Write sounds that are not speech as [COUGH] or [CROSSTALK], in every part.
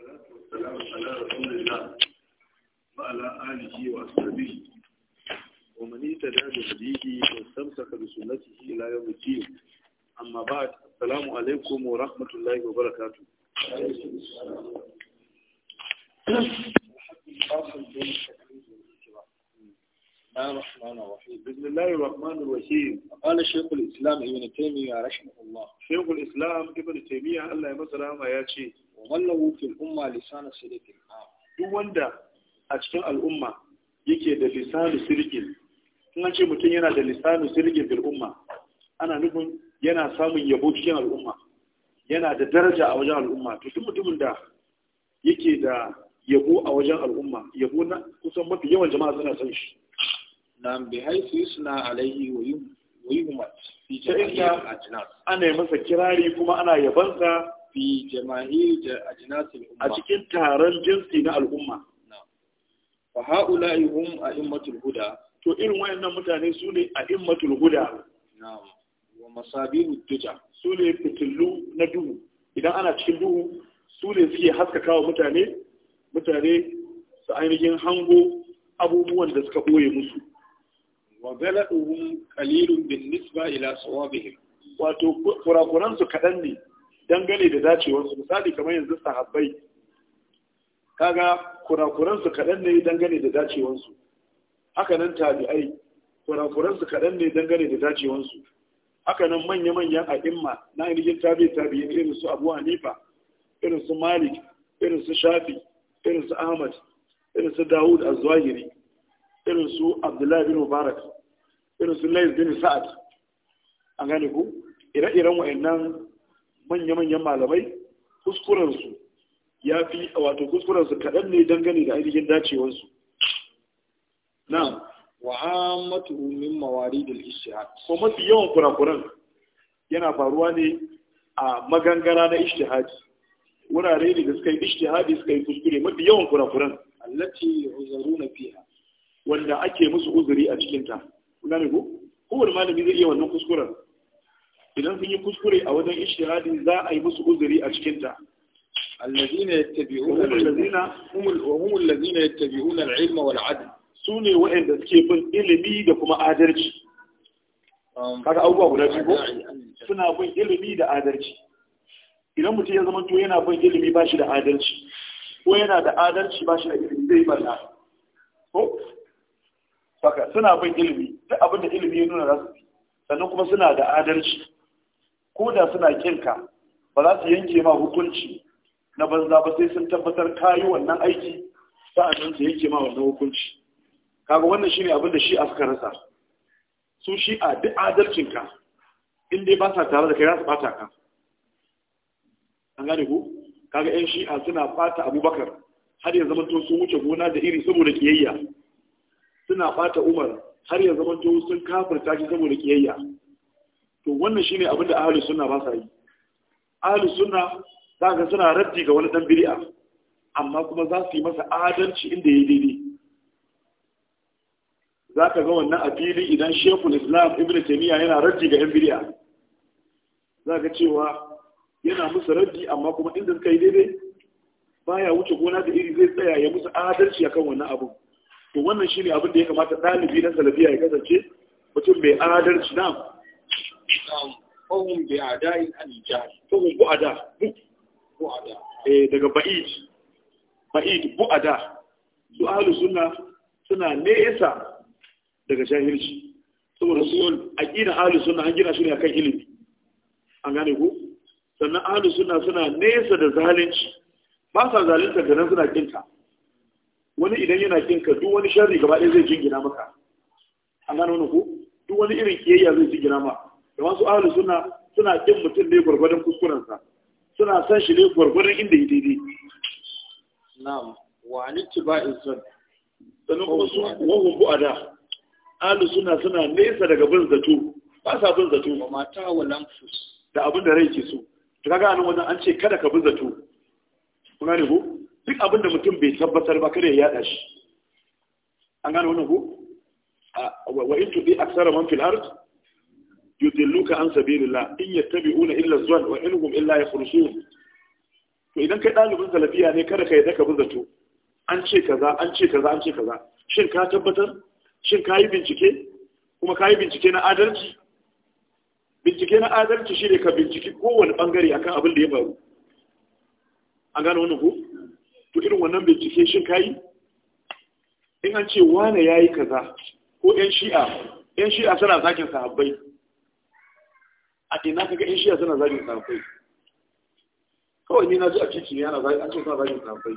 والسلام على رسول الله وعلى آله وأصحابه ومن اهتدى بهديه واستمسك بسنته إلى يوم الدين أما بعد السلام عليكم ورحمة الله وبركاته بسم الله الرحمن الرحيم قال شيخ الإسلام ابن تيمية رحمه الله شيخ الإسلام ابن تيمية الله يمسر ما ياتي wa mallahu fil umma lisanu sirqin duk wanda a cikin al'umma yake da lisanu sirqin in ce mutum yana da lisanu sirqin bil umma ana nufin yana samun yabo cikin al'umma yana da daraja a wajen al'umma to duk mutumin da yake da yabo a wajen al'umma yabo na kusan mafi yawan jama'a suna san shi Na bi haifi suna alaihi wa ma. fi jami'a ana masa kirari kuma ana yabansa fi jama'i da ajinasil umma a cikin taron jinsi na al'umma fa haula'i hum a'immatul huda to irin wayannan mutane su ne a'immatul huda na'am wa masabihu duja su ne fitillu na duhu idan ana cikin duhu su ne suke haskaka wa mutane mutane su ainihin hango abubuwan da suka ɓoye musu wa galaduhum qalilun bin nisba ila sawabihim wato kurakuran su kaɗan ne dangane da dacewarsu misali kamar yanzu sahabbai kaga kurakuransu kaɗan ne dangane da dacewarsu hakanan tabi'ai kurakuransu kaɗan ne dangane da dacewarsu hakanan manya-manyan a'imma na ainihin tabi'i tabi'i irin su abu hanifa irin su malik irin su shafi irin su ahmad irin su dawud az-zahiri irin su abdullahi bin mubarak irin su lais bin sa'ad an gane ku ire-iren wa'annan manya-manyan malamai kuskurensu ya fi wato kuskurensu kaɗan ne dangane da ainihin dacewarsu na wa'amatu min mawari da ishihad ko mafi yawan kurakuran yana faruwa ne a magangara na ishihadi wurare ne da suka yi suka yi kuskure mafi yawan kurakuran allati na fiha wanda ake musu uzuri a cikinta kuna ne ko kowane malami zai iya wannan kuskuren idan sun yi kuskure a wajen ishtihadi za a yi musu uzuri a cikin ta allazina yattabi'una allazina humul allazina yattabi'una al-ilma wal 'adl sune wa'anda suke bin ilimi da kuma adalci um, kaga abubuwa guda biyu suna bin ilimi da adalci idan mutum ya zama to yana bin ilimi ba shi da adalci ko yana da adalci ba shi da ilimi zai barna ko saka suna bin ilimi duk abin da ilimi ya nuna za su sannan kuma suna da adalci ko da suna kinka ba za su yanke ma hukunci na banza ba sai sun tabbatar kayi wannan aiki sa'annan su yanke ma wannan hukunci kaga wannan shine abin da shi'a suka rasa su shi'a duk adalcinka in dai ba sa tare da kai za su bata ka an gane ku kaga yan shi'a suna bata abubakar har ya zama to sun wuce gona da iri saboda kiyayya suna bata umar har ya zama to sun kafirta shi saboda kiyayya to wannan shine ne abinda ahalus suna ba sa yi ahalus suna za ka suna raddi ga wani dan amma kuma za su yi masa adalci inda ya daidai za ka ga wannan a fili idan shekul islam ibn taimiyya yana raddi ga yan bid'a za ka cewa yana musu raddi amma kuma inda suka yi daidai baya wuce gona da iri zai tsaya ya musu adalci akan wannan abu to wannan shine abin da ya kamata ɗalibi na salafiya ya kasance mutum mai adalci na fahim bi adain an jahl fahim bu'ada bu'ada eh daga ba'id ba'id bu'ada su ahlu sunna suna nesa daga jahilci saboda su aqida ahlu sunna an gina shi ne akan ilimi an gane ku? sannan ahlu suna, suna nesa da zalunci ba sa zalunta da nan suna kinka wani idan yana kinka duk wani sharri gaba ɗaya zai jingina maka an gane wani ku? duk wani irin kiyayya zai jingina maka kamar su ahlus suna suna kin mutum ne gwargwadon kuskurensa suna san shi ne gwargwadon inda ya daidai na'am wa in san. sanin kuma su wahum a da sunna suna nesa daga bin zato ba sa bin zato wa mata wa lamfus da abin da rai ke so ta kaga anan wajen an ce kada ka bin zato Kuna ne ko duk abin da mutum bai tabbatar ba kada ya yada shi an gane wannan ko wa in a aksara man fil ard yudilluka an sabilillah in yattabi'una illa zwan wa inhum illa yakhrusun to idan kai dalibin salafiya ne kada kai daka to. an ce kaza an ce kaza an ce kaza shin ka tabbatar shin ka yi bincike kuma ka yi bincike na adalci bincike na adalci shi ne ka binciki kowane bangare akan abin da ya faru an gano wannan ko to irin wannan bincike shin ka yi in an ce wane ya yi kaza ko yan shi'a yan shi'a suna zakin sahabbai a ina kaga in shiya suna zagin sahabbai kawai ni na ji a ciki yana zagin an ce suna zagin sahabbai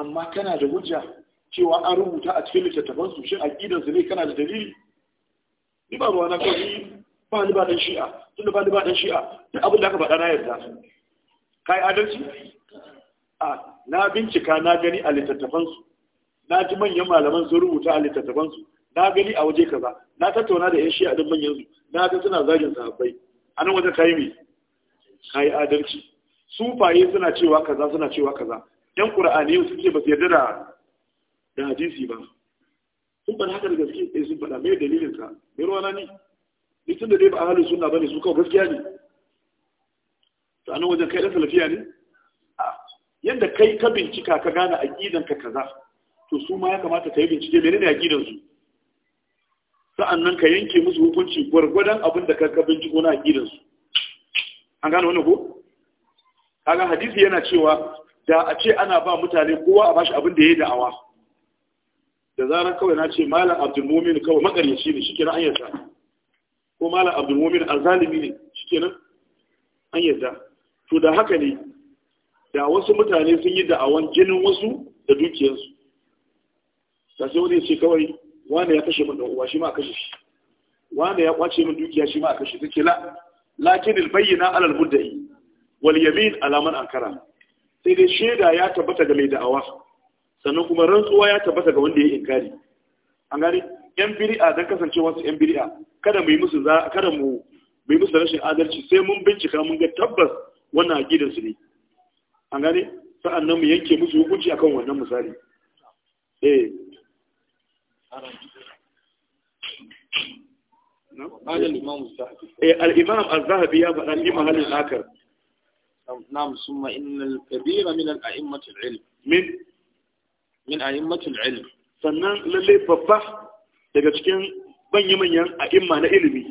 amma kana da hujja cewa an rubuta a cikin littattafan su shin aqidan su ne kana da dalili ni ba ruwa na kawai ba ni ba dan shi'a tunda ba ni ba dan shi'a duk abin da aka faɗa na yarda kai adalci a na bincika na gani a littattafan su na ji manyan malaman sun rubuta a littattafansu na gani a waje kaza na tattauna da yan shi a dimman yanzu na ga suna zagin sahabbai a nan wajen kayi mai kayi adalci faye suna cewa kaza suna cewa kaza yan qur'ani sun ce ba su yarda da da hadisi ba sun bar haka da gaske eh sun faɗa me dalilin ka me ruwana ne ni tun da dai ba ahlus sunna bane su kawai gaskiya ne to a nan wajen kai da salafiya ne yanda kai ka bincika ka gane aqidanka kaza to su ma ya kamata ka yi bincike menene aqidansu su sa'annan ka yanke musu hukunci gwargwadon abin da karkabin binciko na a gidansu. an gane wani ko kaga hadisi yana cewa da a ce ana ba mutane kowa a bashi abin da ya yi da'awa da zarar kawai na ce malam abdul kawai makaryaci ne shikenan an yarda ko malam abdul mumin azalimi ne shikenan an yarda to da haka ne da wasu mutane sun yi da'awan jinin wasu da dukiyarsu Ta sai wani ce kawai wane ya kashe min dan uwa shi ma kashe shi wane ya kwace min dukiya shi ma kashe take la lakin al bayyina ala al mudda'i wal yamin ala man ankara sai dai shaida ya tabbata ga mai da'awa sannan kuma rantsuwa ya tabbata ga wanda ya inkari an gani yan biri'a dan kasancewa su yan biri'a kada mu yi musu kada mu mu musu rashin adalci sai mun bincika mun ga tabbas wannan aqidar su ne an gani sa'annan mu yanke musu hukunci akan wannan misali eh Eh, al-imam az-zahabi ya faɗa fi mahallin akar نعم ثم إن الكبير من الأئمة العلم من من sannan lalle babba daga cikin manya-manyan a'imma na ilimi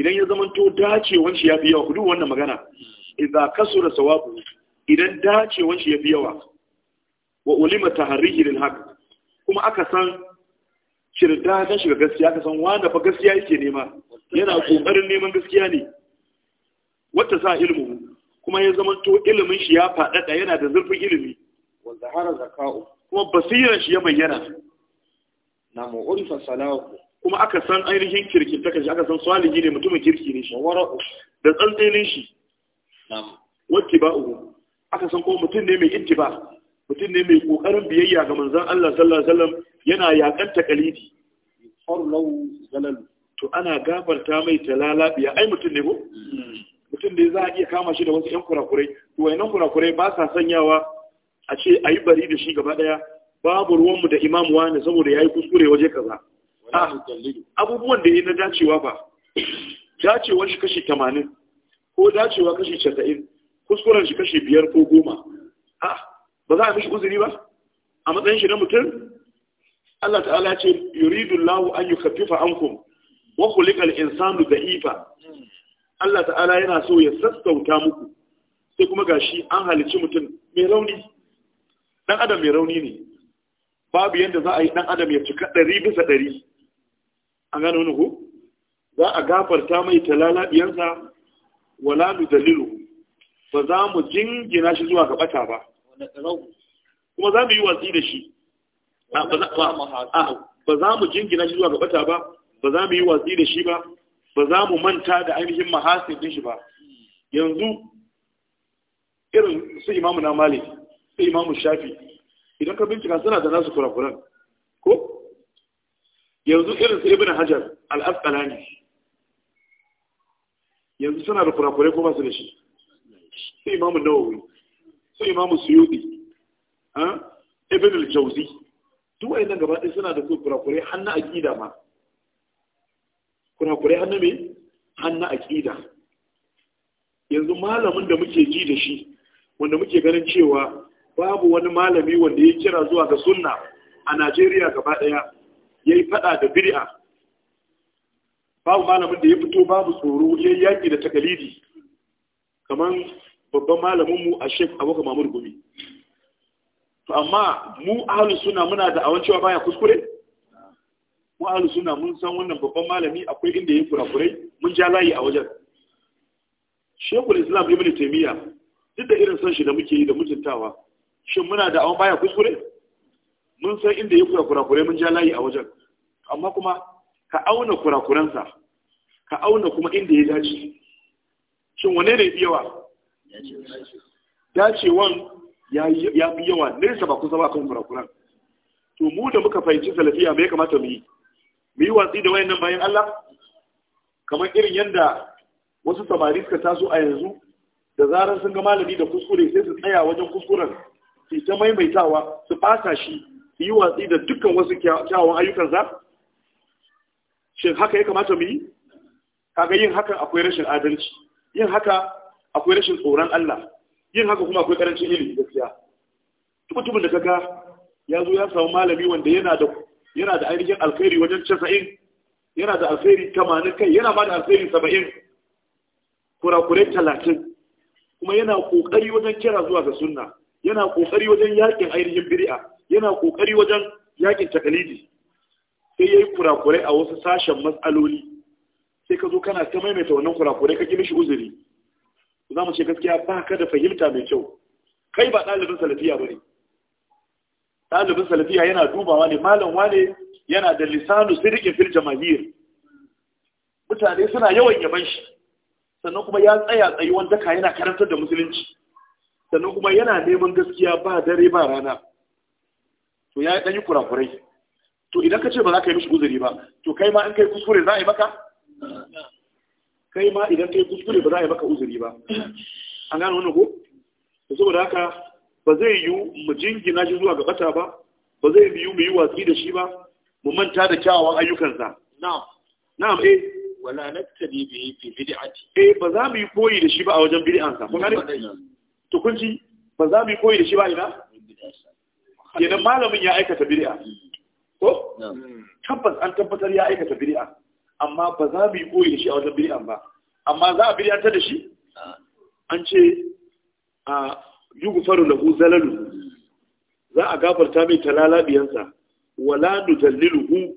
idan ya zamanto dacewan shi yafi yawa kudu wannan magana idan kasura sawab idan dacewan yafi yawa wa ulima tahrihi lil haq kuma aka san shirda ta shiga gaskiya aka san wanda fa gaskiya yake nema yana kokarin neman gaskiya ne wata sa ilmu kuma ya zama to ilimin shi ya faɗaɗa yana da zurfin ilimi wanda har zaka'u kuma basiran shi ya bayyana na mu'urifa salahu kuma aka san ainihin kirkin ta kashi aka san salihi ne mutumin kirki ne shi da tsantsenin shi na'am wacce ba'u aka san kuma mutum ne mai intiba mutum ne mai kokarin biyayya ga manzon Allah sallallahu alaihi wasallam yana yakan takalidi farlau zalalu to ana gafarta mai talalabiya ai mutum ne ko mutum ne za a iya kama shi da wasu yan kurakurai to wayannan kurakurai ba sa sanyawa a ce ayi bari da shi gaba daya babu ruwanmu da imamu wani saboda yayi kuskure waje kaza ah, abubuwan da yi na dacewa ba dacewar shi kashi tamanin, ko dacewa kashi casa'in, kuskuren shi kashi biyar ko goma. a ah, ba za a mishi uzuri ba a matsayin shi na mutum Allah ta'ala ce yuridullahu an yukaffifa ankum wa khuliqal insanu da'ifa Allah ta'ala yana so ya sassauta muku sai kuma gashi an halici mutum mai rauni dan adam mai rauni ne babu yadda za a yi dan adam ya cika ɗari bisa ɗari an gano wani ku? za a gafarta mai biyansa wala dalilu. ba za mu jingina shi zuwa ga bata ba kuma za mu yi watsi da shi ba za mu jingina shi zuwa gabata ba ba za mu yi watsi da shi ba ba za mu manta da ainihin mahasin din shi ba yanzu irin su imamu na malik su imamu shafi idan ka bincika suna da nasu kurakuran ko yanzu irin su ibn hajar al ne yanzu suna da kurakurai ko ba su da shi su imamu nawawi su imamu ha ibn al-jawzi duk wayannan gaba ɗaya suna da kurakurai hannu aqida ma kurakurai hannu me hannu aqida yanzu malamin da muke ji da shi wanda muke ganin cewa babu wani malami wanda ya kira zuwa ga sunna a Najeriya gaba ɗaya ya yi faɗa da bid'a babu malamin da ya fito babu tsoro ya yaki da takalidi kamar babban malamin mu a shek abokan mamur Gumi to amma mu ahlus sunna muna da awan cewa baya kuskure mu ahlus sunna mun san wannan babban malami akwai inda yayi kurakure mun ja layi a wajen shekul Islam Ibn taymiya duk da irin san shi da muke yi da mutuntawa shin muna da awan baya kuskure mun san inda yayi kurakure mun ja layi a wajen amma kuma ka auna kurakuransa ka auna kuma inda ya dace shin wane ne yawa dacewan ya fi yawa nesa ba kusa ba kan kurakuran to mu da muka fahimci salafiya mu kamata mu yi mu yi watsi da wayannan bayan Allah kamar irin yadda wasu samari suka taso a yanzu da zarar sun ga malami da kuskure sai su tsaya wajen kuskuren su ta maimaitawa su fasa shi su yi watsi da dukkan wasu kyawawan ayyukan za shin haka ya kamata mu yi kaga yin hakan akwai rashin adalci yin haka akwai rashin tsoron Allah yin haka kuma akwai karancin ilimi gaskiya duk mutumin da kaga ya zo ya samu malami wanda yana da yana da ainihin alkhairi wajen casa'in yana da alkhairi kamanin kai yana ba da alkhairi saba'in kurakurai talatin, kuma yana kokari wajen kira zuwa ga sunna yana kokari wajen yakin ainihin biri'a, yana kokari wajen yakin takalidi sai yayi kurakurai a wasu sashen matsaloli sai ka zo kana ta maimaita wannan kurakurai ka gina shi uzuri za mu ce gaskiya ba ka da fahimta mai kyau kai ba ɗalibin salafiya ba ne ɗalibin salafiya yana dubawa ne malam wane yana da lisanu sirriƙin fil jamahir mutane suna yawan yaban shi sannan kuma ya tsaya tsayi wanda ka yana karantar da musulunci sannan kuma yana neman gaskiya ba dare ba rana to ya ɗan yi kurakurai to idan ka ce ba za ka yi mishi guzuri ba to kai ma in kai kuskure za a yi maka kai ma idan kai kuskure ba za a yi maka uzuri ba an gano wani ko da saboda haka ba zai yi mu jingina shi zuwa ga bata ba ba zai yi mu yi watsi da shi ba mu manta da kyawawan ayyukansa na'am na'am eh wala naktadi bi fi bid'ati eh ba za mu yi koyi da shi ba a wajen bid'ansa kun gane to kun ji ba za mu yi koyi da shi ba ina kenan malamin ya aikata bid'a ko tabbas an tabbatar ya aikata bid'a amma ba za mu yi koyi shi a wajen bid'an ba amma za a bid'antar da shi an ce a da lahu zalalu za a gafarta mai talalabiyansa wala hu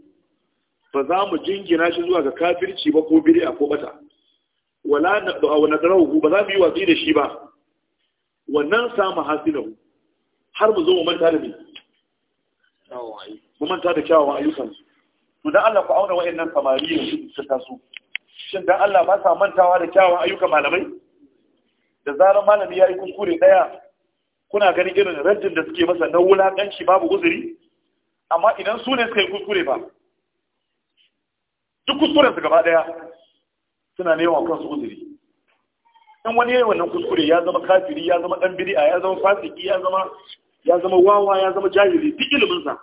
ba za mu jingina shi zuwa ga kafirci ba ko bid'a ko bata wala nadrahu ba za mu yi watsi da shi ba wannan samu hasilahu har mu zo mu manta da mu manta da kyawawan ayyukansu to dan Allah ku auna wayannan samari da su taso shin dan Allah ba sa mantawa da kyawun ayyukan malamai da zarar malami ya yi kuskure daya kuna ganin irin rajin da suke masa na wulakanci babu uzuri amma idan su ne suka yi kuskure ba duk kuskure su gaba daya suna neman kansu uzuri in wani yayin wannan kuskure ya zama kafiri ya zama dan bid'a ya zama fasiki ya zama ya zama wawa ya zama jahili duk ilimin sa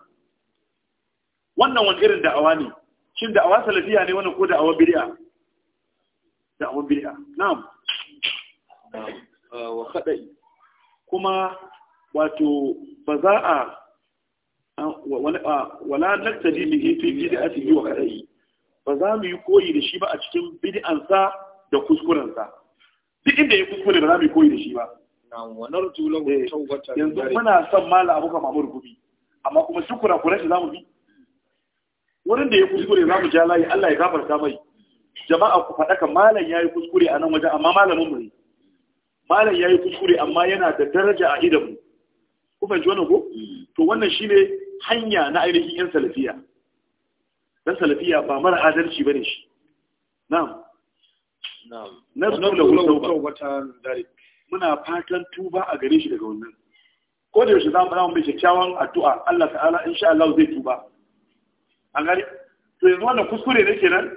wannan wani irin da'awa ne shin da'awa salafiya ne wannan ko da'awa bid'a da'awa bid'a na'am wa kaɗai kuma wato ba za a wala naktadi bihi fi bid'atihi wa kaɗai. ba za mu yi koyi da shi ba a cikin bid'ansa da kuskurensa duk inda ya kuskure ba za mu yi koyi da shi ba eh, yanzu muna son mala abuka mamur gubi amma kuma shukura kurashi za mu bi wurin da ya kuskure za mu ja layi Allah ya gafarta mai jama'a ku faɗaka malam ya yi kuskure a nan wajen amma malamin mu ne malam ya yi kuskure amma yana da daraja a idan mu ku fahimci wannan ko to wannan shine hanya na ainihin yan salafiya dan salafiya ba mara adalci bane shi na'am na'am nasu da wata dare. muna fatan tuba a gare shi daga wannan ko da yaushe za mu bi kyakkyawan addu'a Allah ta'ala insha Allah zai tuba an gani to yanzu wannan kuskure ne kenan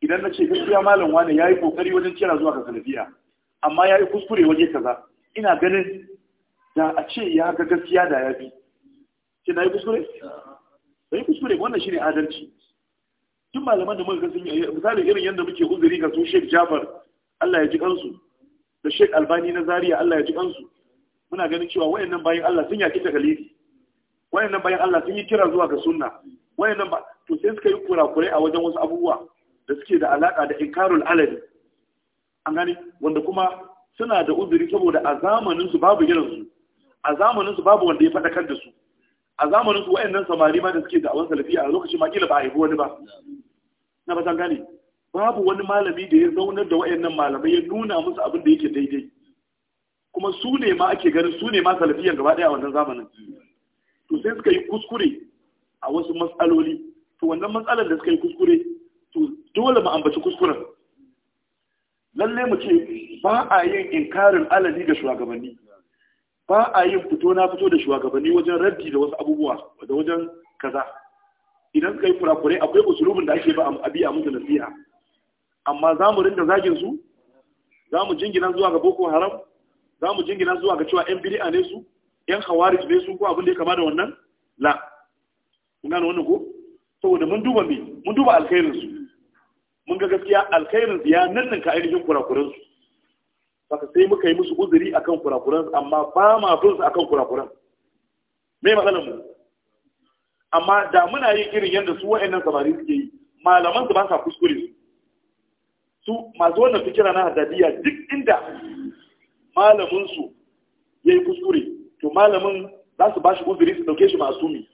idan na ce gaskiya malam wani ya yi kokari wajen kira zuwa ga salafiya amma ya yi kuskure waje kaza ina ganin da a ce ya ga gaskiya da ya bi ce na yi kuskure? da yi kuskure wannan shi ne adalci tun malaman da muka sun yi misali irin yadda muke uzuri ga su sheik jafar allah ya ji kansu da sheik albani na zaria allah ya ji kansu muna ganin cewa wayannan bayan allah sun yaki takalifi wayannan bayan allah sun yi kira zuwa ga sunna wayannan ba to sai suka yi kurakurai a wajen wasu abubuwa da suke da alaka da inkarul alali an gani wanda kuma suna da uzuri saboda a zamanin su babu irin su a zamanin su babu wanda ya fadakar da su a zamanin su wayannan samari ma da suke da awan salafiya a lokacin ma kila ba a yi wani ba na ba gane babu wani malami da ya zaunar da wayannan malamai ya nuna musu abin da yake daidai kuma su ne ma ake ganin su ne ma salafiyan gaba daya a wannan zamanin to sai suka yi kuskure a wasu matsaloli to wannan matsalar da suka yi kuskure to dole mu ambaci kuskuren lalle mu ce ba a yin inkarin alali ga shugabanni ba a yin fito na fito da shugabanni wajen raddi da wasu abubuwa da wajen kaza idan suka yi kurakurai akwai usulubin da ake ba a biya musu nasiha amma za mu rinda zagin su za mu jingina zuwa ga boko haram za mu jingina zuwa ga cewa yan biria ne su yan khawarij ne su ko abin da ya kama da wannan la kun gane wannan ko saboda mun duba me mun duba alkhairin su mun ga gaskiya alkhairin su ya nannan ka ainihin kurakuran su saka sai muka yi musu uzuri akan kurakuran amma ba ma bin su akan kurakuran me matsalar mu amma da muna yin irin yadda su wa'annan samari suke yi malaman su ba sa kuskure su su masu wannan fikira na haddadiya duk inda malamin su yayi kuskure to malamin za su ba shi uzuri su dauke shi masu masumi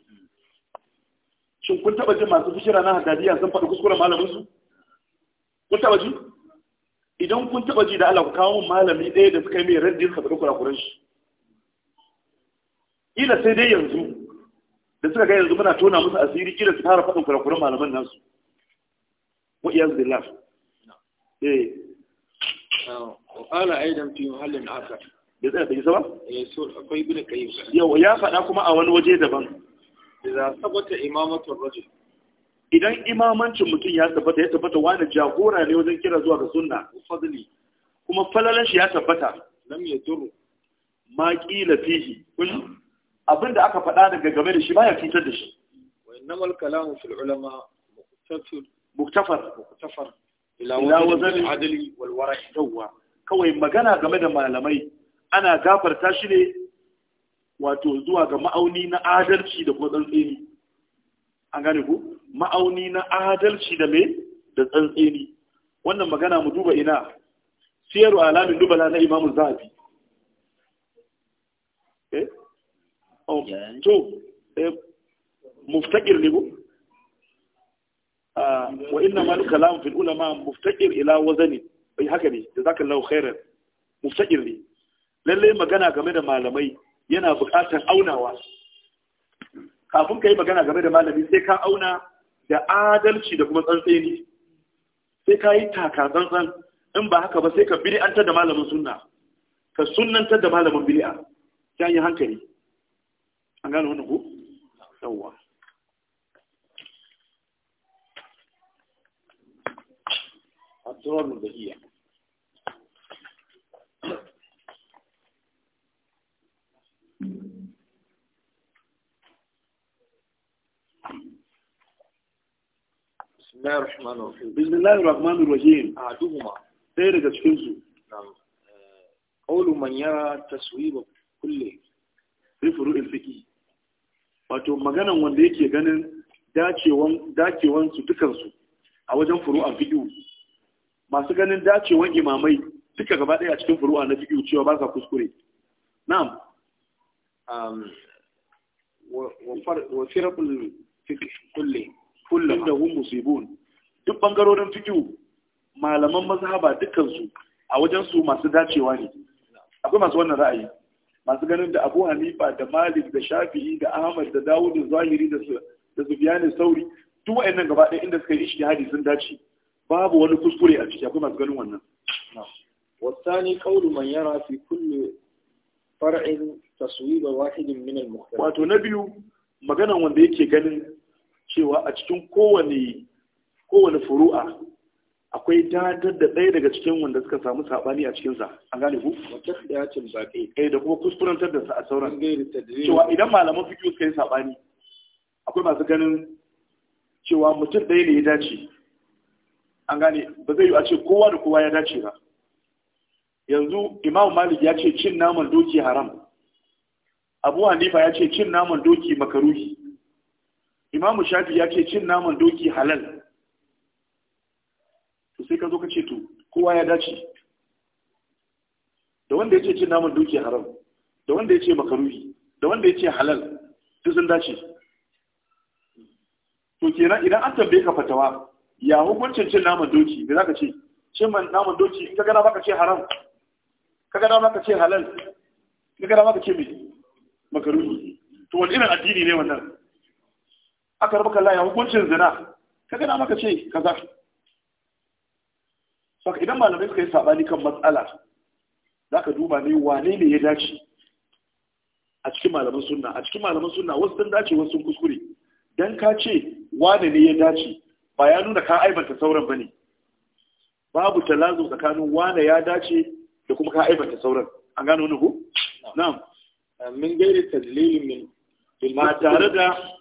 shin kun taba jin masu fikira na hadadiya sun faɗi kuskuren malamin su kun taba ji idan kun taba ji da Allah ku kawo malami ɗaya da suka yi mai raddi suka faɗi kurakuran shi ila sai dai yanzu da suka ga yanzu muna tona musu asiri ila su fara faɗin kurakuran malaman nan su wa iyaz billah eh qala aidan fi muhallin aka da zai da isa ba eh so akwai bin kayyim yau ya faɗa kuma a wani waje daban idza sabata imamatu rajul idan imamancin mutum ya tabbata ya tabbata wani jagora ne wajen kira zuwa ga sunna fadli kuma falalan shi ya tabbata lam yadurru ma qila fihi abinda aka faɗa daga game da shi baya fitar da shi wa innamal kalamu fil ulama muktafar muktafar muktafar ila wazan adli wal wara'i dawwa kawai magana game da malamai ana gafarta shi ne wato zuwa ga ma'auni na adalci da kuma tsantseni an gane ku ma'auni na adalci da me da tsantseni wannan magana mu duba ina siyaru alamin dubala na imamun zafi eh oh to eh muftakir ne ku ah, wa inna ma kalam fil ulama muftakir ila wazani ai eh, haka ne jazakallahu khairan muftakir ne lalle magana game da malamai yana buƙatar aunawa kafin ka yi magana game da malami sai ka auna da adalci da kuma tsantseni sai ka yi taka tsantsan in ba haka ba sai ka an da malamin sunna ka sunnantar da malamin bid'a ya yi hankali an wani yawwa ku yawwa da iya bismillahir rahmanir rahim a sai daga cikin su eh, qawlu taswiba wato wanda yake ganin a wajen furu'an masu ganin dacewan imamai duka gaba daya cikin furu'a na fiqi cewa ba kuskure kullum da hun musibun duk bangarorin fiqh malaman mazhaba dukkan su a wajen su masu dacewa ne akwai masu wannan ra'ayi masu ganin da Abu Hanifa da Malik da Shafi'i da Ahmad da Dawud da Zahiri da da Sauri duk wayannan gaba ɗaya inda suka yi ijtihadi sun dace babu wani kuskure a ciki akwai masu ganin wannan qawlu man yara fi kulli far'in فرع تصويب min al المختلف wato na biyu maganan wanda yake ganin a cikin kowane kowane furu'a akwai dadar da ɗaya daga cikin wanda suka samu saɓani a cikinsa A gane ku? Eh da kuma kuskurantar da a sauran cewa idan malaman fiƙi suka yi saɓani akwai masu ganin cewa mutum ɗaya ne ya dace an gane ba zai yi a ce kowa da kowa ya dace ba yanzu imam malik ya ce cin naman doki haram abu hanifa ya ce cin naman doki makaruhi imamu shafi ya ce cin naman doki halal to sai ka zo ka ce to kowa ya dace da wanda ya ce cin naman doki haram da wanda ya ce makaruhi da wanda ya ce halal duk sun dace to kenan idan an tambaye ka fatawa ya hukuncin cin naman doki me ka ce cin naman doki in ka gana maka ce haram ka gana maka ce halal ka gana maka ce me makaruhi to wani irin addini ne wannan aka rabu kan ya hukuncin zina ka gana maka ce ka za. su idan malamai suka yi sabani kan matsala za ka duba ne wane ne ya dace a cikin malaman suna? a cikin malaman suna wasu sun dace wasu sun kuskure dan ka ce wane ne ya dace ba ya nuna ka aibanta sauran ba ne. babu talazo tsakanin wane ya dace da kuma ka aibanta sauran an gano wani ko na'am min gairi tadlilin min ba tare da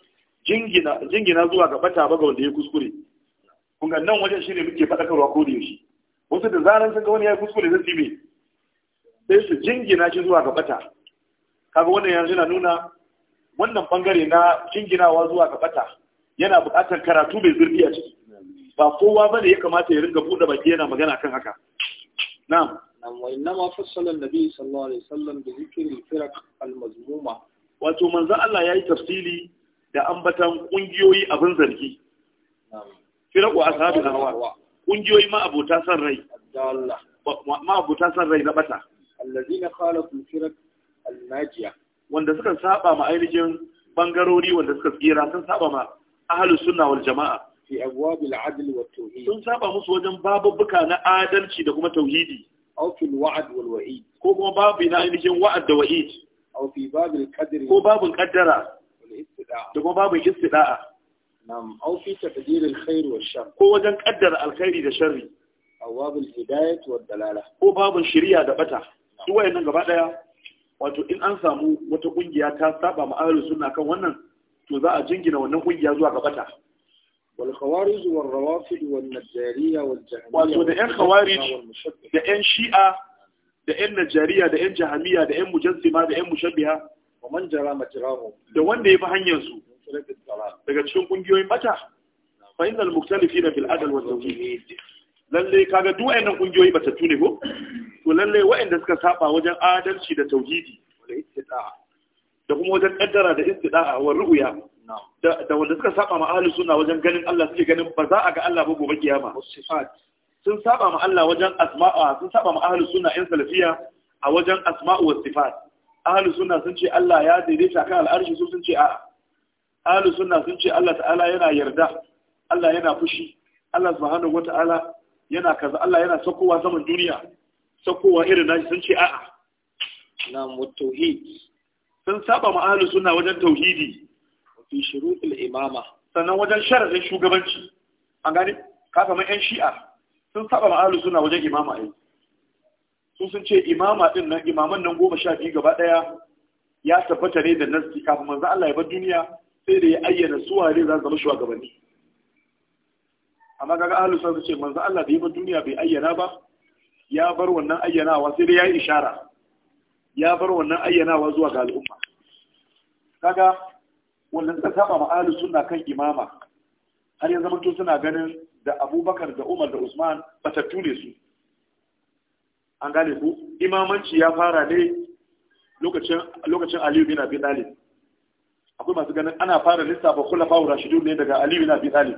jingina zuwa ga bata ba ga wanda ya kuskure kun ga nan wajen shine muke faɗakarwa ko da yaushe wasu da zaran sun ga wani ya kuskure zai tibe sai su jingina shi zuwa ga bata kaga wannan yanzu na nuna wannan bangare na jinginawa zuwa ga bata yana buƙatar karatu mai zurfi a ciki ba kowa ba ne ya kamata ya ringa buɗe baki yana magana kan haka na'am ma وإنما nabi sallallahu alaihi wasallam da وسلم firaq al-mazmuma wato manzo Allah yayi tafsili da ambatan kungiyoyi abin zargi a ashabi hawa kungiyoyi ma abota san rai ma abota san rai na bata allazina khalafu firq al-najiya wanda suka saba ma ainihin bangarori wanda suka tsira sun saba ma ahlus sunna wal jamaa fi abwabil adl wa tauhid sun saba musu wajen babubuka na adalci da kuma tauhidi aw fil wa'd wal wa'id ko kuma babu na ainihin wa'd da wa'id aw fi babil qadr ko babun qaddara da babu istida'a nam aw fi taqdir alkhair ko wajen kaddara alkhairi da sharri awabul hidayat wa dalala ko babu shari'a da bata duk wayannan gaba daya wato in an samu wata kungiya ta saba ma ahlus sunna kan wannan to za a jingina wannan kungiya zuwa ga bata wal khawarij wal rawafid wal najariya wal jahmiya wato da yan khawarij da yan shi'a da yan najariya da yan jahmiya da yan mujassima da yan mushabbiha man jara majrahu da wanda ya bi hanyar su daga cikin kungiyoyin bata fa innal muktalifina fil adl wa tawhid lalle kaga duk wayannan kungiyoyi bata tune ko to lalle wayanda suka saba wajen adalci da tauhidi da kuma wajen kaddara da istida'a wa ru'ya da wanda suka saba ma ahli sunna wajen ganin Allah suke ganin ba za a ga Allah ba gobe kiyama sun saba ma Allah wajen asma'a sun saba ma ahli sunna yan salafiya a wajen asma'u was sifat ahlus sunna sun ce Allah ya daidaita kan al'arshi su sun ce a'a ahlus sunna sun ce Allah ta'ala yana yarda Allah yana fushi Allah subhanahu wata'ala yana kaza Allah yana sakowa saman duniya sakowa irin nashi sun ce a'a na mutauhid sun saba ma ahlus sunna wajen tauhidi fi shurutul imama sannan wajen sharadin shugabanci an gane ka mai yan shi'a sun saba ma ahlus sunna wajen imama ai su sun ce imama din nan imaman nan goma sha biyu gaba ɗaya ya tabbata ne da nasti kafin manzo Allah ya bar duniya sai da ya ayyana su wane za su zama shugabanni amma kaga ahlus sunna ce manzo Allah da ya bar duniya bai ayyana ba ya bar wannan ayyanawa sai dai ya yi ishara ya bar wannan ayyanawa zuwa ga al'umma kaga wannan ta saba ma'alu suna kan imama har yanzu mutum suna ganin da abubakar da umar da usman batattu ne su an gane ku imamanci ya fara ne lokacin aliyu bin abi talib akwai masu ganin ana fara lissafa wa rashidun ne daga aliyu bin abi talib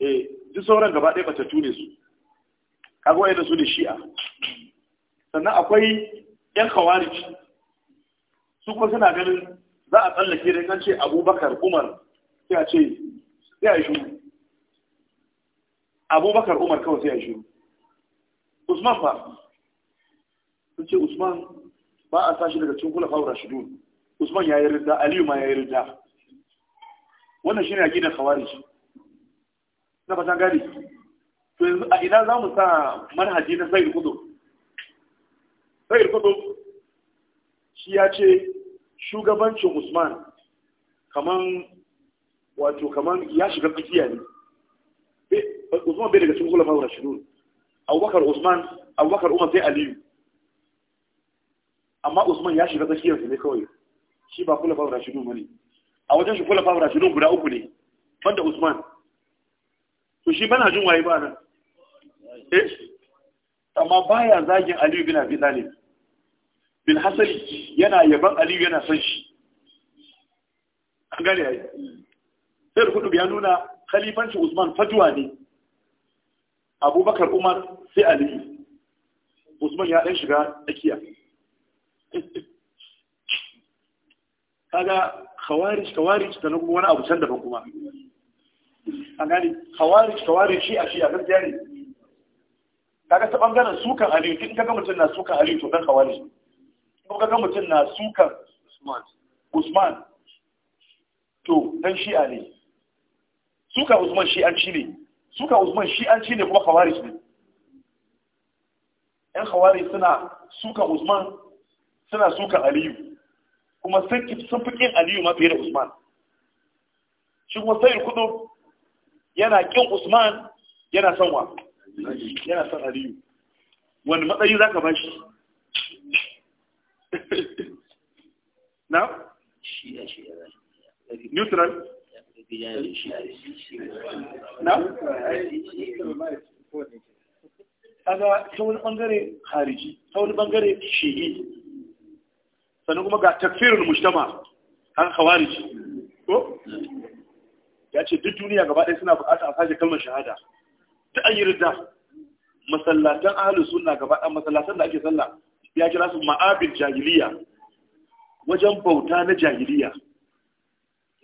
eh duk sauran gaba ɗaya batattu ne su kaga wayar su da shi'a sannan akwai yan kawarici su kuma suna ganin za a tsallake da kan ce abubakar umar sai a ce sai a yi shuru abubakar umar kawai sai a shuru usman ba sun ce usman ba a sashi daga cikin kula fa'ura shidu usman ya yi rinda aliyu ma ya yi rinda wannan shine aqidar khawarij na fatan gadi to yanzu a ina za mu sa manhaji na sayyid Kudu? sayyid Kudu shi ya ce shugabancin usman kaman wato kaman ya shiga tsakiya ne eh, usman bai daga cikin kula fa'ura shidu abubakar usman abubakar umar sai aliyu amma usman ya shiga tsakiyar su ne kawai shi ba kula fawra shi bane a wajen shi kula shi shidu guda uku ne banda usman to shi bana jin waye ba nan eh amma baya zagin aliyu bin abi talib bin hasali yana yaban aliyu yana son shi an gane ai sai rukudu ya nuna khalifanci usman fatuwa ne abubakar umar sai aliyu usman ya ɗan shiga tsakiya kaga khawarij khawarij da nagu wani abu can daban kuma an gani khawarij khawarij shi a shi a gaskiya kaga ta bangaren sukan aliyu in kaga mutum na sukan aliyu to dan khawarij in kaga mutum na sukan usman usman to dan shi ne Suka usman shi an shi ne suka usman shi an ci ne kuma khawarij ne yan khawarij suna suka usman suna suka aliyu kuma sun fi kin aliyu ma fiye da usman shi kuma sayar kudu yana kin usman yana son wa yana son aliyu wani matsayi za ka ba shi [LAUGHS] na? neutral na? kaga ta wani bangare hariji ta wani bangare shi'i sannan kuma ga takfirin mujtama an khawariji ko ya ce duk duniya gaba ɗaya suna buƙatar a sake kalmar shahada ta an yi rida masallatan ahalin suna gaba ɗaya masallatan da ake sallah ya kira su ma'abin jahiliya wajen bauta na jahiliya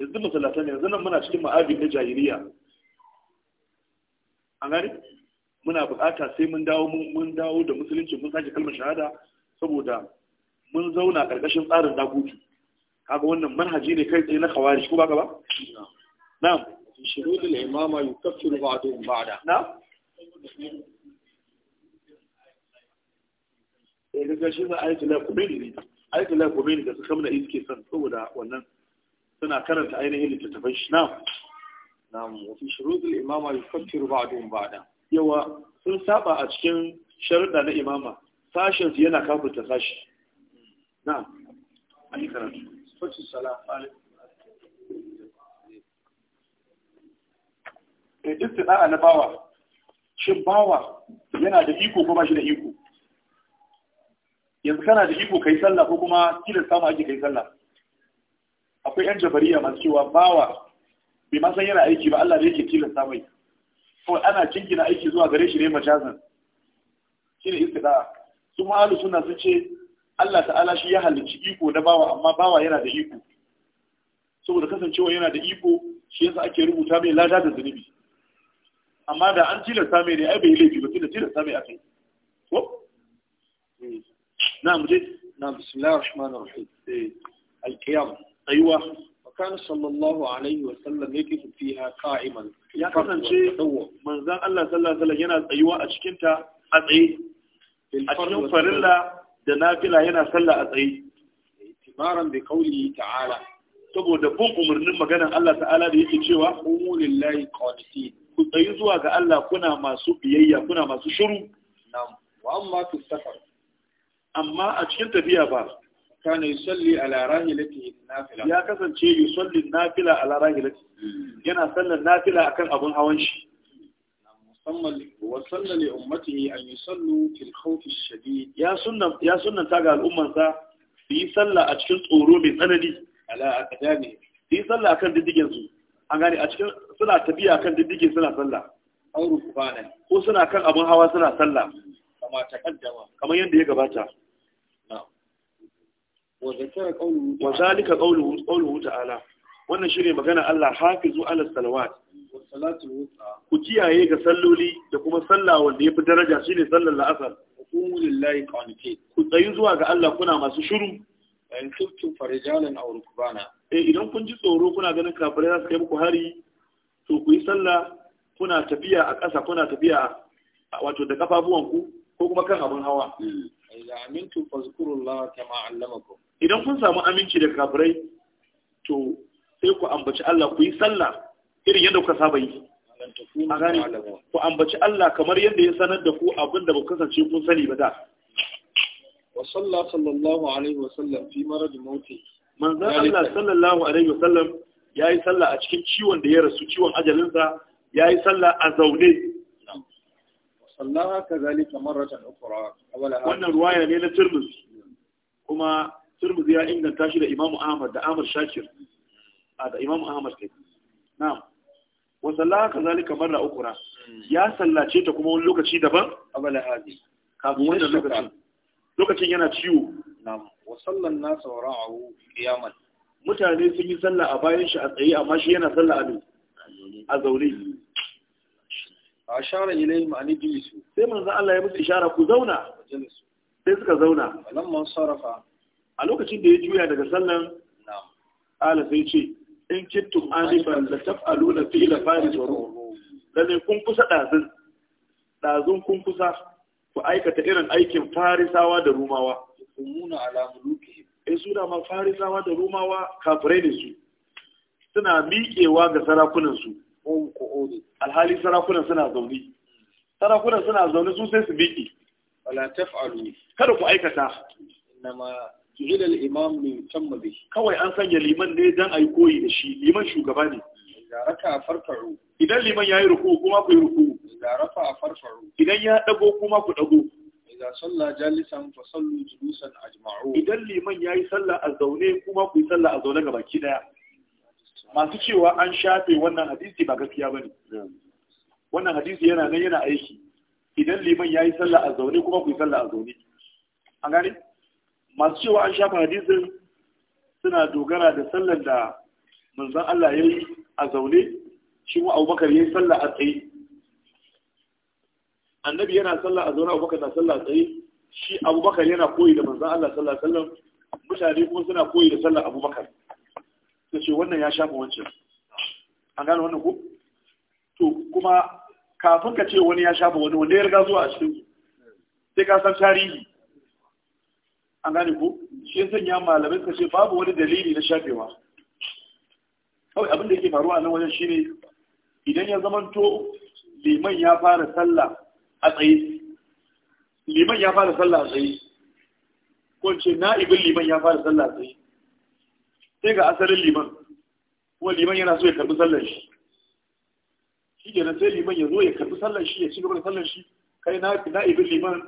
yanzu masallatan yanzu nan muna cikin ma'abin na jahiliya A gani muna bukata sai mun dawo mun dawo da musulunci mun sake kalmar shahada saboda mun zauna karkashin tsarin dagutu kaga wannan manhaji ne kai tsaye na khawarij ko baka ba na'am shurud al-imama yukaffiru ba'dahu ba'da na'am eh daga shi ba ayatul kumeni ne ayatul kumeni da suka muna iske san saboda wannan suna karanta ainihin littattafan shi na na'am wa fi shurutul imama yukaffiru ba'dhum ba'da yawa sun saba a cikin sharuɗa na imama Sashen su yana kafirta sashi na'am ayi karatu fatu salam alaikum eh, istida'a na bawa shin bawa yana da iko kuma shi da iko yanzu kana da iko kai sallah ko kuma tilasta ma ake kai sallah akwai yan jabariya masu cewa bawa bai ma san yana aiki ba Allah ne yake tilan mai kawai ana jingina aiki zuwa gare shi ne majazan shine istida'a su ma alu sunna sun ce Allah ta'ala shi ya halicci iko na bawa amma bawa yana da iko saboda kasancewa yana da iko shi yasa ake rubuta mai lada da zunubi amma da an tilasta mai ne ai bai laifi ba tunda tilasta mai akai ko hmm. na mu je na bismillahir rahmanir rahim eh. al-qiyam tsayuwa fakan sallallahu alaihi wa sallam yake fiha qa'iman ya kasance manzon Allah sallallahu alaihi yana tsayuwa a cikin ta a tsaye a cikin farilla da nafila yana sallah a tsaye tibaran bi qawli ta'ala saboda bin umarnin maganar Allah ta'ala da yake cewa qumu lillahi qanitin ku tsayi zuwa ga Allah kuna masu biyayya kuna masu shiru na'am wa amma fi safar amma a cikin tafiya ba kana yusalli ala rahilatihi nafila ya kasance yusalli hmm. yana sallar nafila akan abun hawan shi ya sunna ga al'umman su yi sallah a cikin tsoro mai tsanani su yi sallah akan diddigin su an gane a cikin suna tafiya akan diddigin suna sallah ko suna kan abun hawa suna sallah kamar yadda ya gabata wa zalika qawluhu qawluhu ta'ala wannan shine magana Allah hafizu ala salawat ku kiyaye ga salloli da kuma sallah wanda yafi daraja shine sallar la'asar qumu lillahi qanitin ku tsayi zuwa ga Allah kuna masu shiru in kuntum farijalan aw rukbana eh idan kun ji tsoro kuna ganin kafirai za su kai muku hari to ku yi sallah kuna tafiya a ƙasa kuna tafiya wato da kafafuwanku ko kuma kan abin hawa hmm. idan amintum fazkurullaha kama allamakum idan kun samu aminci da kafirai to sai ku ambaci Allah ku yi sallah irin yadda kuka saba yi ku ambaci Allah kamar yadda ya sanar da ku abin da ba kasance kun sani ba da wa sallah sallallahu alaihi wa sallam fi marad mauti manzon Allah sallallahu alaihi wa sallam yayi sallah a cikin ciwon da ya rasu ciwon sa yayi sallah a zaune sallaha kazalika marratan ukhra wannan ruwaya ne na Tirmidhi kuma turmuzi ya inganta shi da imamu ahmad da amr shakir a da imamu ahmad kai na'am wa sallaha kazalika marra ukra ya sallace ta kuma wani lokaci daban abala hadi kafin wannan lokacin lokacin yana ciwo na'am wa sallan nas wara'u qiyaman mutane sun yi sallah a bayan shi a tsaye amma shi yana sallah a a zaune a shara ilai ma'ani jilisu sai manzo Allah ya musu ishara ku zauna sai suka zauna lamman sarrafa a lokacin da ya juya daga sallan ala sai ce in kittum anifan la taf'aluna fi'la fari wa Da ne kun kusa dazun dazun kun kusa ku aikata irin aikin farisawa da rumawa kumuna ala muluki eh su da ma farisawa da rumawa kafirai ne su suna miƙewa ga sarakunan su alhali sarakunan suna zaune sarakunan suna zaune su sai su miƙe wala taf'alu kada ku aikata su'ila al-imam li yutamma bi kawai an sanya liman ne dan ai koyi da shi liman shugaba ne ya raka farfaru idan liman yayi ruku kuma ku yi ruku ya rafa farfaru idan ya dago kuma ku dago idan salla jalisan fa sallu julusan ajma'u idan liman yayi salla a zaune kuma ku yi salla a zaune gabaki daya masu cewa an shafe wannan hadisi ba gaskiya bane wannan hadisi yana nan yana aiki idan liman yayi salla a zaune kuma ku yi salla a zaune an gane masu cewa an shafa hadisin suna dogara da sallar da manzan Allah ya yi a zaune shi mu abubakar ya yi sallah a tsaye annabi yana sallah a zaune abubakar na sallah a tsaye shi abubakar yana koyi da manzan Allah sallar sallar mutane kuma suna koyi da sallar abubakar ta ce wannan ya shafa wancan an gane wannan ku? to kuma kafin ka ce wani ya shafa wani wanda ya riga zuwa a cikin sai ka san tarihi an gane ku? shi ya sanya malamai ka ce babu wani dalili na shafewa kawai abin da yake faruwa a nan wajen shi ne. idan ya zamanto liman ya fara sallah a tsaye liman ya fara sallah a tsaye ko ce na'ibin liman ya fara sallah a tsaye sai ga asalin liman kuma liman yana so ya karbi sallar shi shi kenan sai liman ya zo ya karbi sallar shi ya ci gaba da sallar shi kai na'ibin liman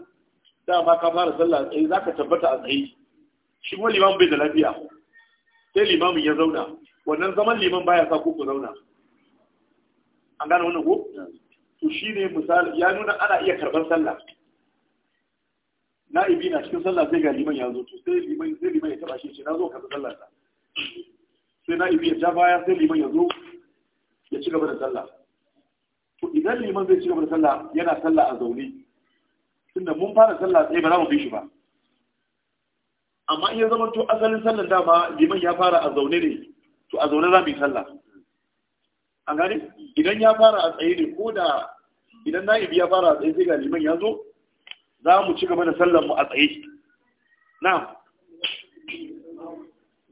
dama ka fara sallah a tsaye zaka tabbata a tsaye shi kuma limamin bai da lafiya sai limamin ya zauna wannan zaman liman baya sa ku ku zauna an gane wannan ko to ne misali ya nuna ana iya karɓar sallah na'ibi na cikin sallah sai ga liman ya zo to sai liman sai liman ya taba shi ce na zo karɓar sallah sa sai na'ibi ya ja baya sai liman ya zo ya ci gaba da sallah to idan liman zai ci gaba da sallah yana sallah a zaune tunda mun fara sallah tsaye ba za mu bi shi ba amma in ya zama to asalin sallan dama liman ya fara a zaune ne to a zaune za mu yi sallah an gane idan ya fara a tsaye ne ko da idan na'ibi ya fara a tsaye sai ga liman ya zo za mu ci gaba da sallan mu a tsaye na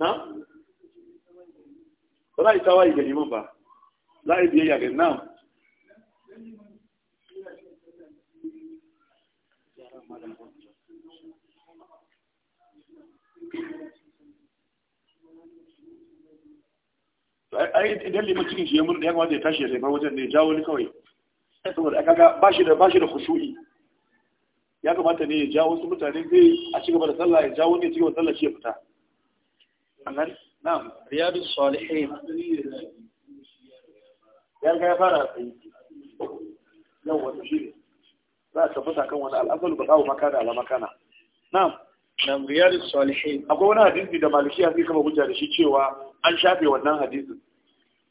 na ba za a yi tawayi ga liman ba za a yi biyayya ga na ai idan liman cikin shi ya murɗa ya kamata ya tashi ya zai bar wajen ne jawo ni kawai saboda aka ga ba shi da ba shi da khushu'i ya kamata ne ya jawo wasu mutane zai a ci gaba da sallah ya jawo ne ya ci gaba da sallah shi ya fita annan na'am riyadu salihin ya ga ya fara sai yau wato shi ne za a tabbata kan wani al'asalu ba kawo makana ala makana na nam riyadu salihin akwai wani hadisi da malikiya sai kama hujja da shi cewa an shafe wannan hadisin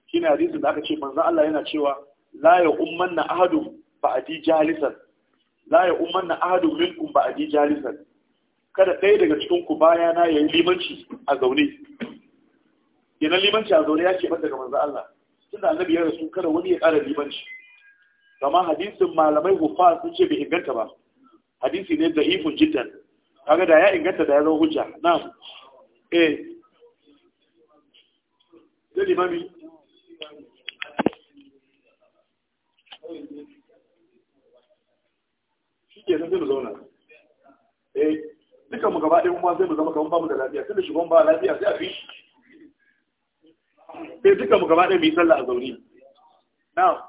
shine hadisin da aka ce manzan Allah yana cewa la ya ummanna ahadun ba'di jalisan la ya na ahadun minkum ba'di jalisan kada ɗaya daga cikin ku baya na yayi limanci a zaune yana limanci a zaune ya ce ba daga manzan Allah tunda annabi ya rasu kada wani ya ƙara limanci kama hadisin malamai gufa sun ce bai inganta ba hadisi ne da ifin jiddan kaga da ya inganta da ya zo hujja Na. eh zai mami shi ke zai mu zauna E, dukan mu gaba ɗaya kuma zai mu zama kamar bamu da lafiya tunda shugaban ba lafiya sai a fi sai eh, dukan mu gaba ɗaya mu yi sallah a zauri na'am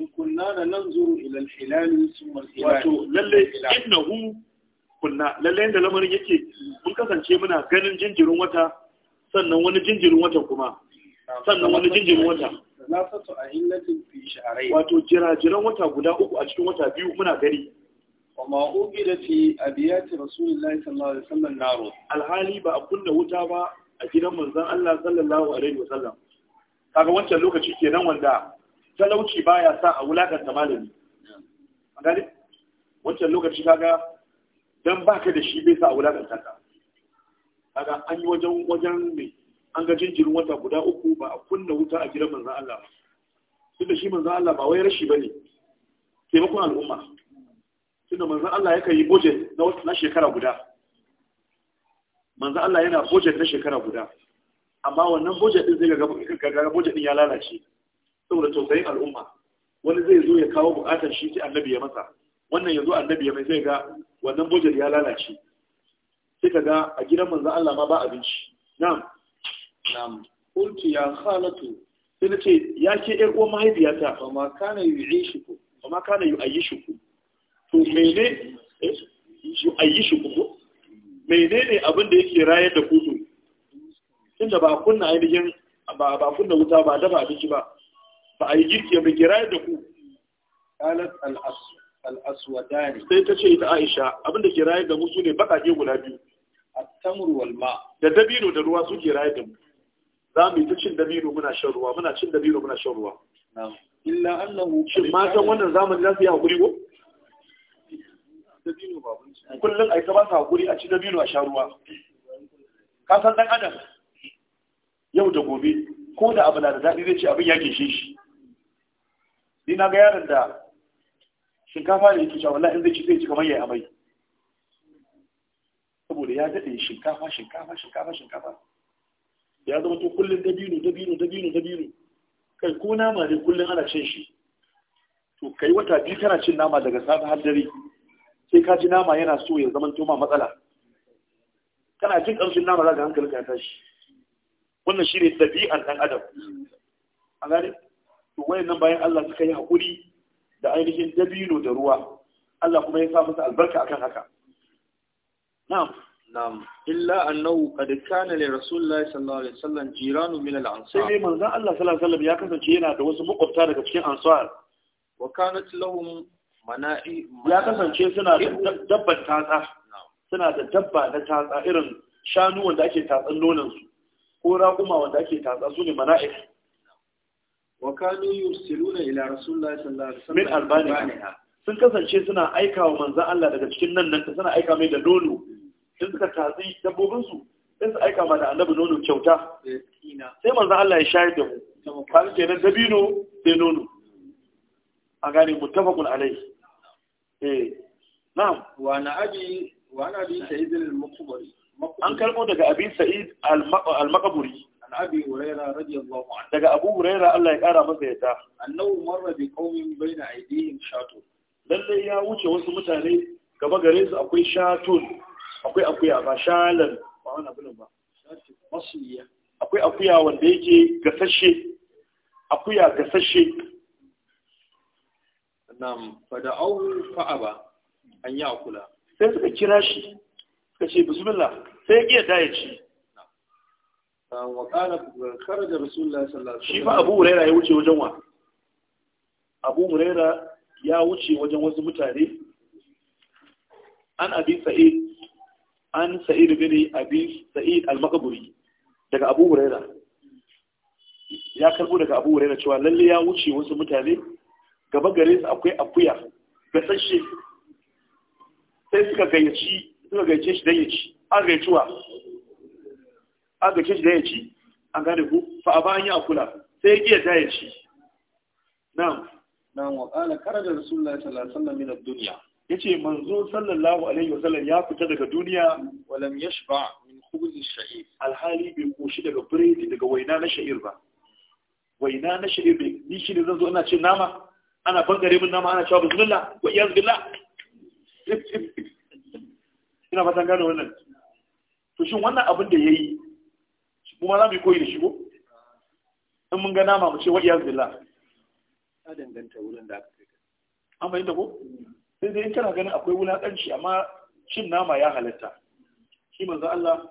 in kunna na nanzuru ila al-hilal thumma al-hilal wato lalle hu? kunna lalle da lamarin yake mun kasance muna ganin jinjirin wata sannan wani jinjirin wata kuma sannan wani jinjirin wata salasatu a illatin fi sha'arai. wato jirajiran wata guda uku a cikin wata biyu muna gari وما أوجد في أبيات رسول الله صلى الله عليه وسلم نار الحالي بأكون وتا با أجد من ذا الله Allah الله عليه وسلم kaga wancan lokaci kenan wanda talauci baya sa a wulakanta malami a gani wancan lokaci kaga dan baka da shi bai sa a wulakanta ka kaga an yi wajen wajen ne an ga jinjirin wata guda uku ba a kunna wuta a gidan manzan Allah ba da shi manzan Allah ba wai rashi bane taimakon al'umma tunda manzan Allah yaka yi budget na shekara guda manzan Allah yana budget na shekara guda amma wannan budget din zai ga budget din ya lalace saboda tausayin al'umma wani zai zo ya kawo bukatar shi sai annabi ya masa wannan yanzu annabi ya mai zai ga wannan bojar ya lalace sai ka ga a gidan manzon Allah ma ba abinci na'am na'am qultu ya khalatu sai nace ya ke ƴar uwar mahaifiyata fa ma kana yu'ishiku fa ma kana yu'ayishiku to mene mene eh, menene abin da yake rayar da ku tunda ba kunna ainihin ba ba kunna wuta ba dafa abinci ba ba a yi girki gira da ku qalat al’aswada ne. sai ta ce ita Aisha abinda ke raye da mu sune bakake guda biyu A tamurwal ma da dabino da ruwa ke raye da mu za mu yi cin dabino muna shan ruwa muna cin dabino muna shan ruwa illa annahu shin matan wannan zamani za su yi haƙuri ko dabino ba kullum ai ka ba su haƙuri a ci dabino a sha ruwa ka san dan adam yau da gobe ko da abu na da daɗi zai ce abin ya shi shi ni na ga yaron da shinkafa ne yake cewa wallahi in zai ci zai ci kamar yayi amai saboda ya dade shinkafa shinkafa shinkafa shinkafa ya zama to kullun dabino dabino dabino dabino kai ko nama ne kullun ana cin shi to kai wata biyu kana cin nama daga safe har dare sai ka ji nama yana so ya zama to ma matsala kana jin kamshin nama zaka hankalinka ya tashi wannan shine dabi'ar dan adam a gare to wayannan bayan Allah suka yi hakuri da ainihin dabino da ruwa Allah kuma ya sa masa albarka akan haka na'am na'am illa annahu qad kana li rasulillahi sallallahu alaihi wasallam jiranu min al-ansar sai manzon Allah sallallahu alaihi wasallam ya kasance yana da wasu makwabta daga cikin ansar wa kanat lahum mana'i ya kasance suna da dabbar tatsa suna da dabba na tatsa irin shanu wanda ake tatsan nonon su ko raƙuma wanda ake tatsa su ne mana'i wa kanu yursiluna ila rasulillahi sallallahu alaihi wasallam min albaniha sun kasance suna aika wa manzon Allah daga cikin nan nan suna aika mai da nono in suka tazi dabbobin su sai su aika ma da annabi nono kyauta sai manzon Allah ya shayar da mu kan kenan dabino sai nono a gane muttafaqun alai eh na'am wa na abi wa na abi sa'id al-muqbari an karbo daga abin sa'id al-maqburi abi huraira radiyallahu anhu daga abu huraira Allah ya kara masa yadda annahu marra bi qaumin baina aydihim shatun lalle ya wuce wasu mutane gaba gare su akwai shatun akwai akuya ba shalan ba wani abu ba masuliya akwai akuya wanda yake gasashe akuya gasashe nam fada'ahu fa'aba an ya kula sai suka kira shi suka ce bismillah sai ya da ya ci wa qala kharaja rasulullahi sallallahu shi fa Abu Hurairah ya wuce wajen wa Abu Hurairah ya wuce wajen wasu mutane an Abi Sa'id an Sa'id gani Abi Sa'id Almakaburi daga Abu Hurairah ya karbo daga Abu Hurairah cewa lalle ya wuce wasu mutane gaba gare su akwai akuya gasashe sai suka gayyaci suka gayyace shi dan yaci an gayyaci aga ce shi da ya ci an gane ku fa a bayan ya kula sai ya kiya ta ya ci na'am na'am wa qala da rasulullahi sallallahu alaihi wasallam min ad-dunya yace manzo sallallahu alaihi wasallam ya fita daga duniya walam yashba min khubz ash-sha'ir alhali bai kushi daga biredi daga waina na sha'ir ba waina na sha'ir bai ni shi ne zan zo ina ce nama ana bangare min nama ana cewa bismillah wa iyaz billah [LAUGHS] ina fatan gane wannan to shin wannan abin da yayi mu ma za mu yi koyi da shi ko in mun ga nama mu ce wa iyaz billah ya danganta wurin da aka kai an bayyana ko sai dai in kana ganin akwai wulaƙanci amma cin nama ya halatta shi manzo Allah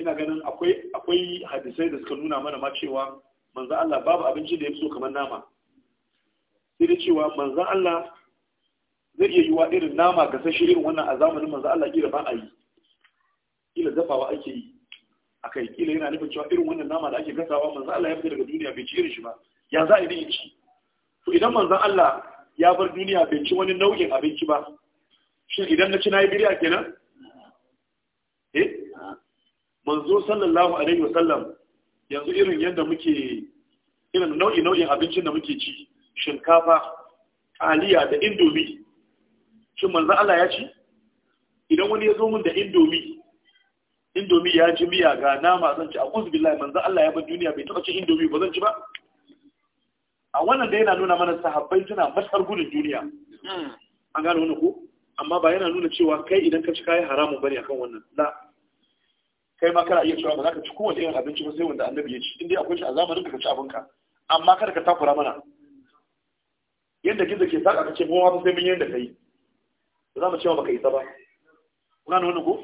ina ganin akwai akwai hadisai da suka nuna mana ma cewa manzo Allah babu abinci da ya so kamar nama sai dai cewa manzo Allah zai iya yi wa irin nama sashi irin wannan a zamanin manzo Allah kira ba a yi kila dafawa ake yi akai kila yana nufin cewa irin wannan nama da ake gasawa manzo Allah ya fita daga duniya bai ci irin shi ba ya za a yi ci to idan manzo Allah ya bar duniya bai ci wani nau'in abinci ba shin idan na ci na yi bid'a kenan eh manzo sallallahu alaihi wasallam yanzu irin yadda muke irin nau'i nau'in abincin da muke ci shinkafa taliya da indomi shin manzo Allah ya ci idan wani ya zo mun da indomi indomi ya ci miya ga nama zan ci a kusa billahi manzo Allah ya bar duniya bai taba cin indomi ba zan ci ba a wannan da yana nuna mana sahabbai suna matsar gudun duniya hmm. an gano wani ku. amma ba yana nuna cewa kai idan ka ci kayan haramun bane akan wannan la kai ma kana iya cewa ba za ka ci kowace irin abinci ba sai wanda annabi ya ci in dai akwai shi a zamanin ka ci abinka amma kada ka takura mana yadda gizo ke saka ka ce mu ma sai mun yanda kai ba za mu cewa baka isa ba kuna nuna ku?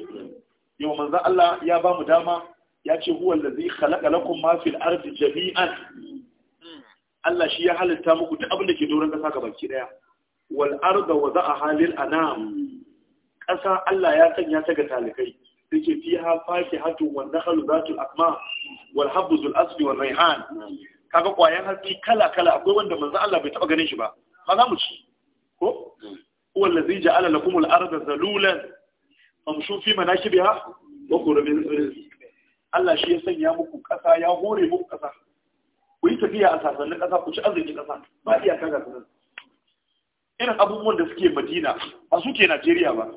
yau manzan Allah ya ba mu dama ya ce huwan da zai halaka lakon mafi arzi jami'an Allah shi ya halitta muku duk abin da ke doron ƙasa ga baki ɗaya wal arda wa za a halil anam ƙasa Allah ya sanya ta ga talikai yake fi ha faki hatu wa nakhalu zatul akma wal habbu zul asli wal rayhan kaga kwayan hatsi kala kala akwai wanda manzo Allah bai taɓa ganin shi ba ba za mu ci ko huwa allazi ja'ala lakumul arda zalulan amshu fi manakibiha wa qulu min Allah shi ya sanya muku kasa ya hore muku kasa ku yi tafiya a sasannin kasa ku ci arzikin kasa ba iya kaga sanan irin abubuwan da suke Madina ba su ke Najeriya ba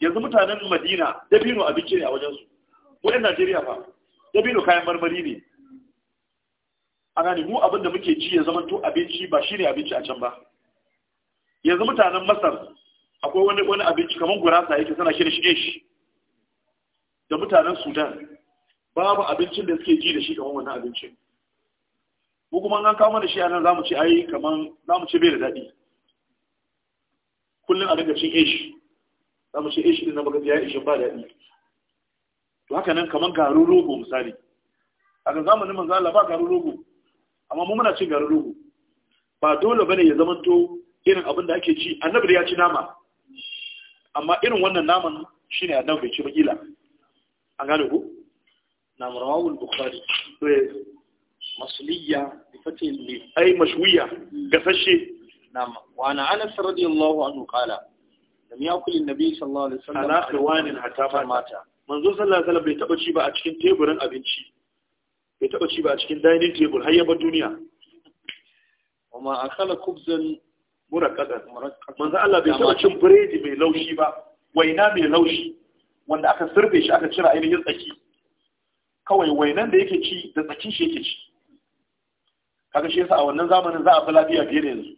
yanzu mutanen Madina dabino abinci ne a wajen ko mu Najeriya ba dabino kayan marmari ne a gane mu abin da muke ci ya zama to abinci ba shine abinci a can ba yanzu mutanen Masar akwai wani wani abinci kamar gurasa yake tana shi da shi da mutanen sudan babu abincin da suke ji da shi kamar wannan abinci. mu kuma an kawo mana shi a nan za mu ci ai kamar za mu ci bai da dadi. kullum a daga cin shi za mu ci shi din na magaji ya ishin ba dadi. to haka nan kamar garin rogo misali a ga zamanin manzo Allah ba garin rogo amma mu muna cin garin rogo ba dole bane ya zamanto irin abin da ake ci annabi da ya ci nama amma irin wannan naman shine a bai ci bakila an gane ku na marawul bukhari masuliyya bi fatil li ay mashwiya gasashe na'am wa ana anas radiyallahu anhu qala lam yakul an-nabi sallallahu alaihi wasallam ala khwanin hatta mata manzo sallallahu alaihi wasallam bai taba ci ba a cikin teburin abinci bai taba ci ba a cikin dining table har ya bar duniya وما أكل خبزا murakkadar manzo Allah bai taɓa cin biredi mai laushi ba waina mai laushi wanda aka sirbe shi aka cire ainihin tsaki kawai wainan da yake ci da tsakin shi yake ci kaga shi yasa a wannan zamanin za a fi lafiya fiye da yanzu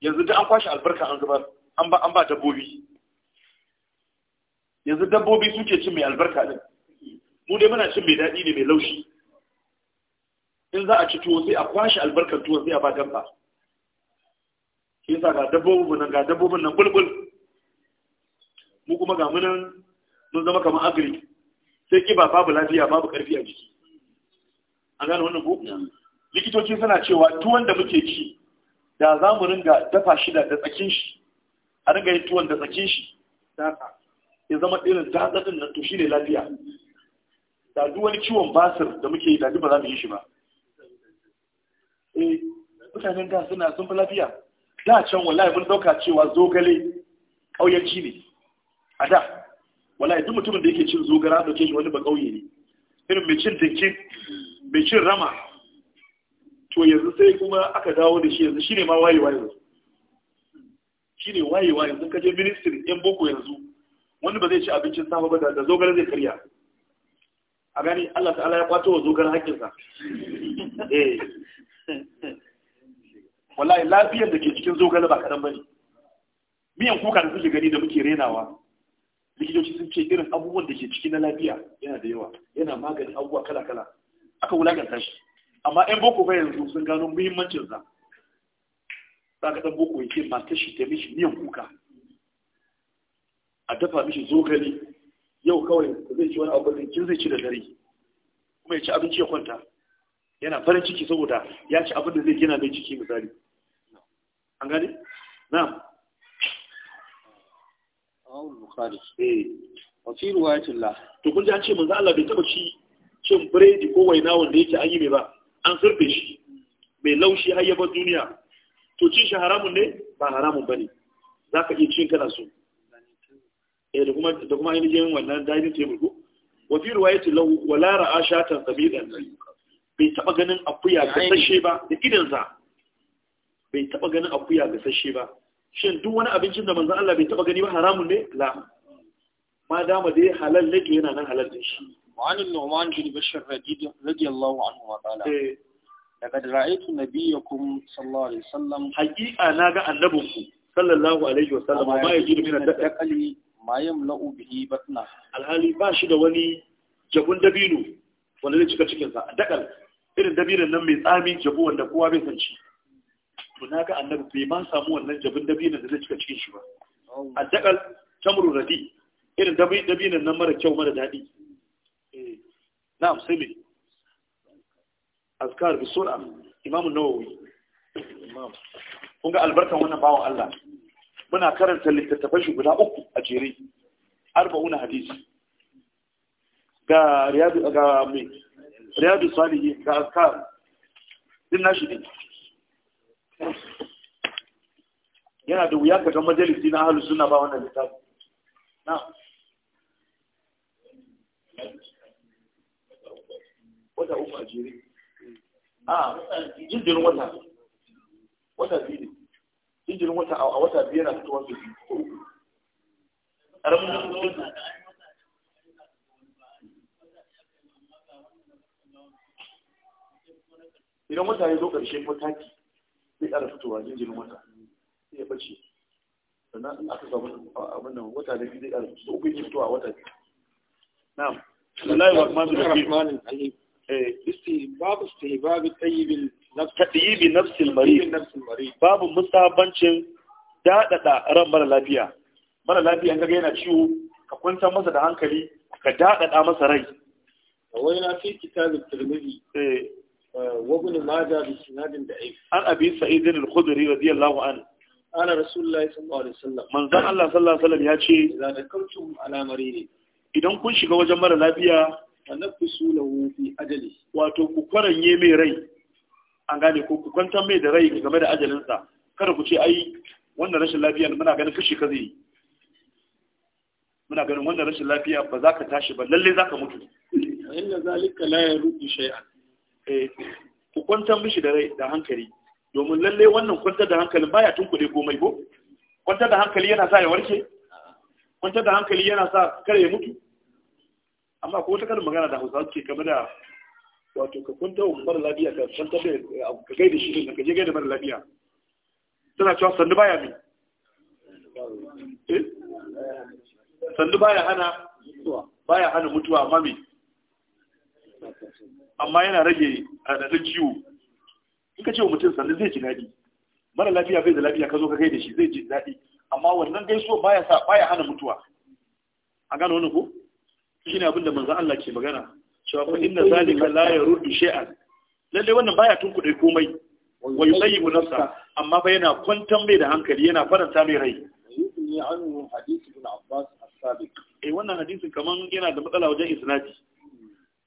yanzu duk an kwashe albarka an zubar an ba an ba dabbobi yanzu dabbobi suke cin mai albarka din mu dai muna cin mai daɗi ne mai laushi in za a ci tuwo sai a kwashe albarkar tuwo sai a ba dabba shi yasa ga dabbobin nan ga dabbobin nan bulbul mu kuma ga munan mun zama kamar agri sai kiba babu lafiya babu karfi a jiki an gane wannan ko likitoci suna cewa tuwon da muke ci da za mu ringa dafa shi da tsakin shi a ringa yin tuwon da tsakin shi ya zama irin datsatsin nan to shi ne lafiya da duk wani ciwon basir da muke yi da ba za mu yi shi ba eh mutanen da suna sun fi lafiya da can wallahi mun dauka cewa zogale kauyanci ne a da wallahi duk mutumin da yake cin zogara dauke shi wani ba kauye ne irin mai cin dinkin mai cin rama to yanzu sai kuma aka dawo da shi yanzu ne ma waye yanzu waye wayewa yanzu kaje ministry yan boko yanzu wani ba zai ci abincin safa ba da zogale zai karya a gani Allah ta'ala ya kwato wa zogara hakkinsa [LAUGHS] eh wallahi lafiyar da ke cikin zogale ba kaɗan ba ne miyan kuka da kuke gani da muke renawa likitoci sun ce irin abubuwan da ke ciki na lafiya yana da yawa yana maganin abubuwa kala-kala aka wulakanta shi amma yan boko bai yanzu sun gano muhimmancin sa za ka ɗan boko yake matar shi ta mishi miyan kuka a dafa mishi zogale yau kawai zai ci wani abu da kin zai ci da dare kuma ya ci abinci ya kwanta yana farin ciki saboda ya ci abin da zai gina mai ciki misali an gani Na. awon bukari eh wa ya riwayatillah to kun ji an ce manzo Allah bai taba ci cin biredi ko waina wanda yake an yi mai ba an surfe shi mai laushi har ba duniya to cin shi haramun ne ba haramun bane zaka iya cin kana so eh da kuma da kuma ainihin wannan dining table ko wa fi riwayatillah wala ra'a shatan sabidan bai taba ganin akuya ga sashe ba da sa bai taba ganin akuya gasashe ba shin duk wani abincin da manzon Allah bai taba gani ba haramun ne la ma dama dai halal ne yana nan halal din shi وعن النعمان بن بشر رضي الله عنه قال لقد رأيت نبيكم صلى الله عليه وسلم حقيقة ناقة النبوكم صلى الله عليه وسلم وما يجد من الدقل ما يملأ به بطنه الحالي باشد ولي جبون دبينو wanda zai cika cikinsa a dakal irin dabirin nan mai tsami jabu wanda kowa bai san shi to na ga annabi bai ma samu wannan jabin dabinan da zai cika cikin shi ba oh. a dakal tamru radi irin dabinan nan mara kyau mara daɗi eh. na'am sai me azkar bi sura imamu nawawi kun ga albarkan wannan bawan Allah muna karanta littattafan shi guda uku a jere arba'una hadisi ga riyadu ga mai riyadu salihin ga azkar din nashi ne yana da wuya kaga majalisi na ahlus sunna ba wannan littafi na wata uku a jere a jinjirin wata wata biyu ne jinjirin wata a wata biyu yana fito su biyu ƙaramin idan wata ya zo ƙarshen mataki zai ƙara fitowa jinjirin wata sai ya bace sannan in aka samu abin nan wata da zai ƙara fitowa uku yake fitowa wata biyu na'am wallahi wa kuma zuwa rahmanin babu babu tayyibin nafsil babu musabancin dadada ran mara lafiya mara lafiya ga yana ciwo ka kwanta masa da hankali ka daɗaɗa masa rai wai na fi kitabin tirmidhi eh. وابن ماجه بسناد ضعيف عن ابي سعيد الخدري رضي الله عنه قال رسول الله صلى الله عليه وسلم من ذا الله صلى الله عليه وسلم ya ce idza dakamtum ala marid idan kun shiga wajen mara lafiya fanafisu lahu fi ajali wato ku kwaranye mai rai an gane ko ku kwantar mai da rai game da ajalinsa kada ku ce ai wannan rashin lafiya muna ganin kashi ka zai muna ganin wannan rashin lafiya ba za ka tashi ba lalle za ka mutu inna zalika la yarudi shay'an Eh, ku kwantar mishi da rai da hankali domin lalle wannan kwantar da hankalin baya tun komai ko kwantar da hankali yana sa ya warke kwantar da hankali yana sa kare ya mutu amma ko wata karin magana da hausa suke game da wato ka kwantar wa mara lafiya ka kwantar da ka gai da shi ka je gai da mara lafiya tana cewa sandu baya mai eh? sandu baya hana baya hana mutuwa amma mai. amma yana rage raɗaɗin ciwo in ka ce wa mutum sannan zai ji daɗi mara lafiya bai da lafiya ka zo ka kai da shi zai ji daɗi amma wannan gaisuwa baya sa baya hana mutuwa a gano wani ko shi ne abinda manzan Allah ke magana cewa ko inna zalika la yaruddu shay'an lalle wannan baya tunkuɗe komai wa yusayyibu nafsa amma ba yana kwantan mai da hankali yana faranta mai rai ne an hadisi ibn Abbas as-sabiq eh wannan hadisin kaman yana da matsala wajen isnadi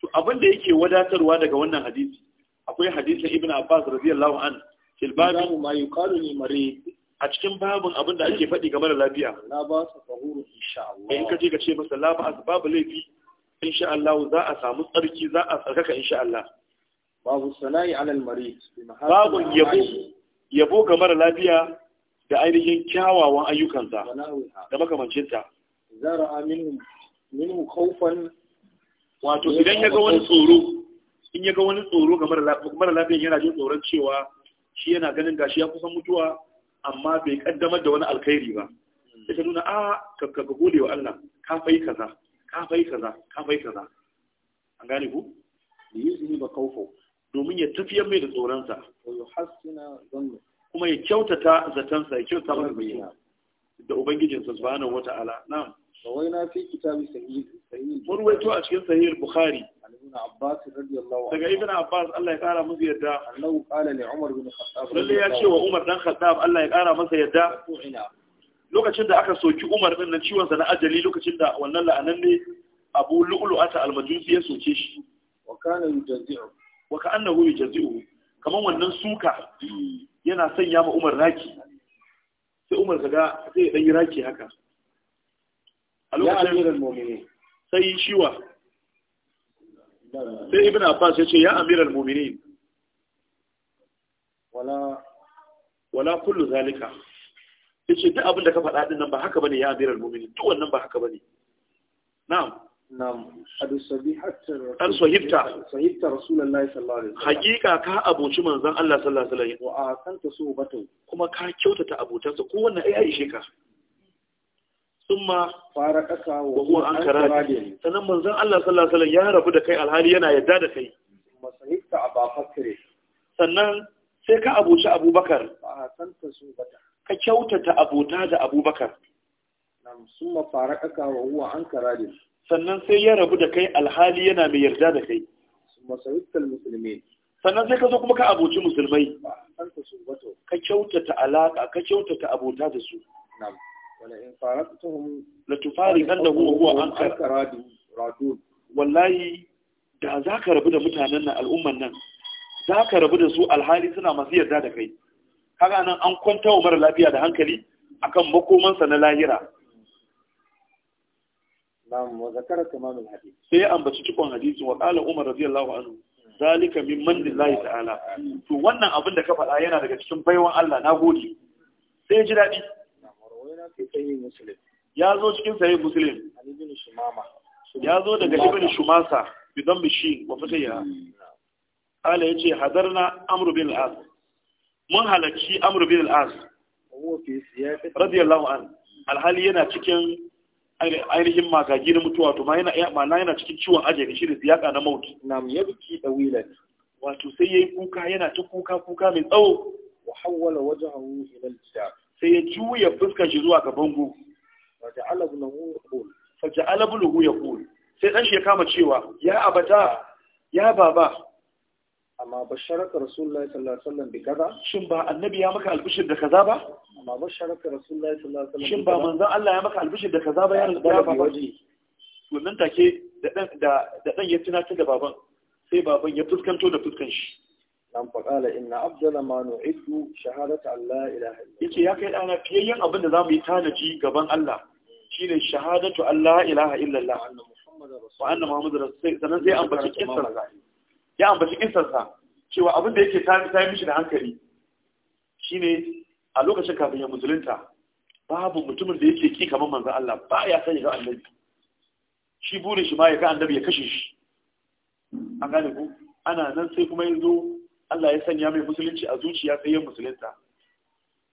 to abin da yake wadatarwa daga wannan hadisi akwai hadisin ibn abbas radiyallahu an fil babu ma yuqalu ni marid a cikin babun abin da ake faɗi game da lafiya la ba su fahuru insha Allah in ka je ka ce masa la ba babu laifi insha Allah za a samu tsarki za a tsarkaka insha Allah babu sana'i ala al marid babu yabo yabo ga mara lafiya da ainihin kyawawan ayyukansa da makamancinta zara aminu minhu khawfan wato idan ya ga wani tsoro in ya ga wani tsoro ga mara lafiyan yana jin tsoron cewa shi yana ganin gashi ya kusan mutuwa amma bai kaddamar da wani alkhairi ba sai ah, ka nuna a ka gode wa Allah ka fai kaza ka fai kaza ka fai kaza an gane ku da yuzini ba kaufo domin ya tafiyar mai da tsoronsa kuma ya kyautata zatansa ya kyautata mai da ubangijinsa subhanahu wata'ala na'am rawaina a cikin sahih bukhari Abbas radiyallahu daga ibn Abbas Allah ya kara musu yadda lalle ya ce wa Umar dan Khattab Allah ya kara masa yadda lokacin da aka soki Umar din nan ciwon sa na ajali lokacin da wannan la'anan ne Abu ata al-Majusi ya soke shi wa kana yujzi'u wa ka'annahu yujzi'u kaman wannan suka yana sanya ma Umar raki sai Umar kaga sai ya dan yi raki haka a lokacin sai shiwa sai ibn abbas ya ce ya amiral mu'minin wala wala kullu zalika yace duk abin ka faɗa din nan ba haka ba ne ya amiral mu'minin duk wannan ba haka ba ne. na'am adu sabihatar an sahibta sahibta rasulullahi sallallahu ka abuci manzon Allah sallallahu alaihi wasallam wa asanta subatu kuma ka kyautata abotansa ko wannan ai aishe ka summa faraqaka wa huwa ankara sanan manzon Allah sallallahu alaihi wasallam ya rabu da kai alhali yana yadda da kai masahibta aba fakri sannan sai ka abuci abubakar ba su bata ka kyautata abota da abubakar nam summa faraqaka wa huwa ankara sannan sai ya rabu da kai alhali yana mai yarda da kai masahibta almuslimin sannan sai ka zo kuma ka abuci musulmai ka kyautata alaka ka kyautata abota da su ولئن فارقتهم لتفارقنه وهو أنكر رادود والله da za ka rabu da mutanen nan al'umman nan za ka rabu da su alhali suna masu yarda da kai Haka nan an kwanta wa mara lafiya da hankali akan makomansa na lahira nam wa zakara tamamul hadith sai ambaci cikon hadisi wa qala umar radiyallahu anhu zalika min mandillahi ta'ala to wannan abin da ka faɗa yana daga cikin baiwan Allah na gode sai ji daɗi fi sahih muslim ya zo cikin sahih muslim an ibn shumama ya zo daga ibn shumasa bi dhambi wa fatiha ala yace hadarna amr bin al-as mun halarci amr bin al-as radiyallahu an alhali yana cikin ainihin magagi na mutuwa to ma'ana yana cikin ciwon ajali shi da ziyaka na mauti ya nam yabki dawilan wato sai ya yi kuka yana ta kuka kuka mai tsawo wa hawwala wajhahu ila al-jidar sai ya juya fuskar shi zuwa ga bango faja'ala bulugu ya kul sai dan shi ya kama cewa ya abata ya baba amma basharaka rasulullahi sallallahu alaihi wasallam bi kaza shin ba annabi ya maka albishir da kaza ba amma basharaka rasulullahi sallallahu alaihi wasallam shin ba manzon Allah ya maka albishir da kaza ba ya baba to nan take da dan da dan ya tunatar da baban sai baban ya fuskanto da fuskan shi an faƙala inna abdala ma nu'iddu shahadata Allah ilaha yace ya kai dana fiyayyen abin da zamu yi tanaji gaban Allah shine shahadatu Allah ilaha illallah anna muhammadar wa anna muhammadar rasul sannan sai ambaci kissar ya ambaci kissar sa cewa abin da yake tafi sai mishi da hankali shine a lokacin kafin ya musulunta babu mutumin da yake ki kamar manzon Allah ba ya sani ga annabi shi burin shi ma ya ga annabi ya kashe shi an gane ku ana nan sai kuma yanzu Allah ya sanya mai musulunci a zuciya sai ya musulunta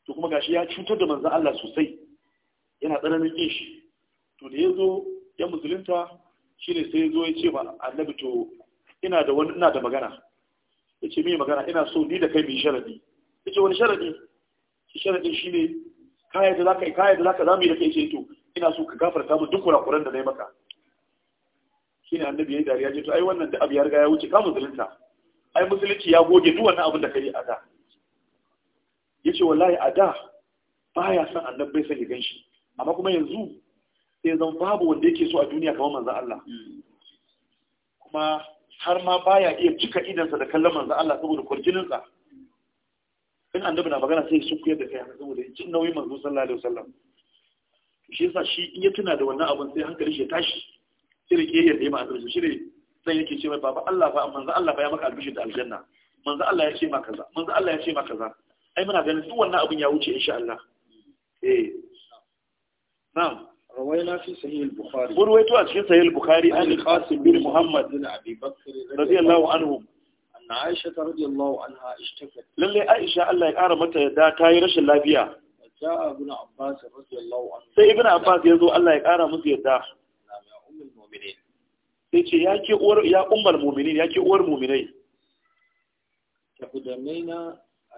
to kuma gashi ya cutar da manzan Allah sosai yana tsananin ƙin shi to da ya zo ya musulunta shi ne sai ya zo ya ce ba, annabi to ina da wani ina da magana ya ce mai magana ina so ni da kai mai sharadi ya ce wani sharadi shi sharadin shi ne kaya da za yi kaya da za za mu yi da kai ce to ina so ka gafarta mu duk kurakuran da na yi maka shi ne annabi ya yi dariya ce to ai wannan da abu ya riga ya wuce ka musulunta ai musulunci ya goge duk wannan abin da kai a da yace wallahi a da baya son annabi bai sai gan shi amma kuma yanzu sai zan babu wanda yake so a duniya kamar manzon Allah kuma har ma baya iya cika sa da kallon manzon Allah saboda sa in annabi na magana sai su kuyar da kai saboda jin nauyin manzo sallallahu alaihi wasallam shi yasa shi in ya tuna da wannan abin sai hankali shi ya tashi shi ne ke yarda ya ma annabi shi ne sai yake ce mai baba Allah fa manzo Allah fa ya maka albishir da aljanna manzo Allah ya ce ma kaza manzo Allah ya ce kaza ai muna ganin duk wannan abin ya wuce insha Allah eh na'am rawaina fi sahih al-bukhari burwaito a cikin sahih al-bukhari bin muhammad bin abi bakr radiyallahu anhu aisha radiyallahu anha ishtakat Allah ya kara mata yadda ta yi rashin lafiya ja'a ibn abbas radiyallahu anhu sai ibn abbas yazo Allah ya kara musu yadda sai ce ya ke uwar ya ummar mu'minin ya ke uwar mu'minai taqdamina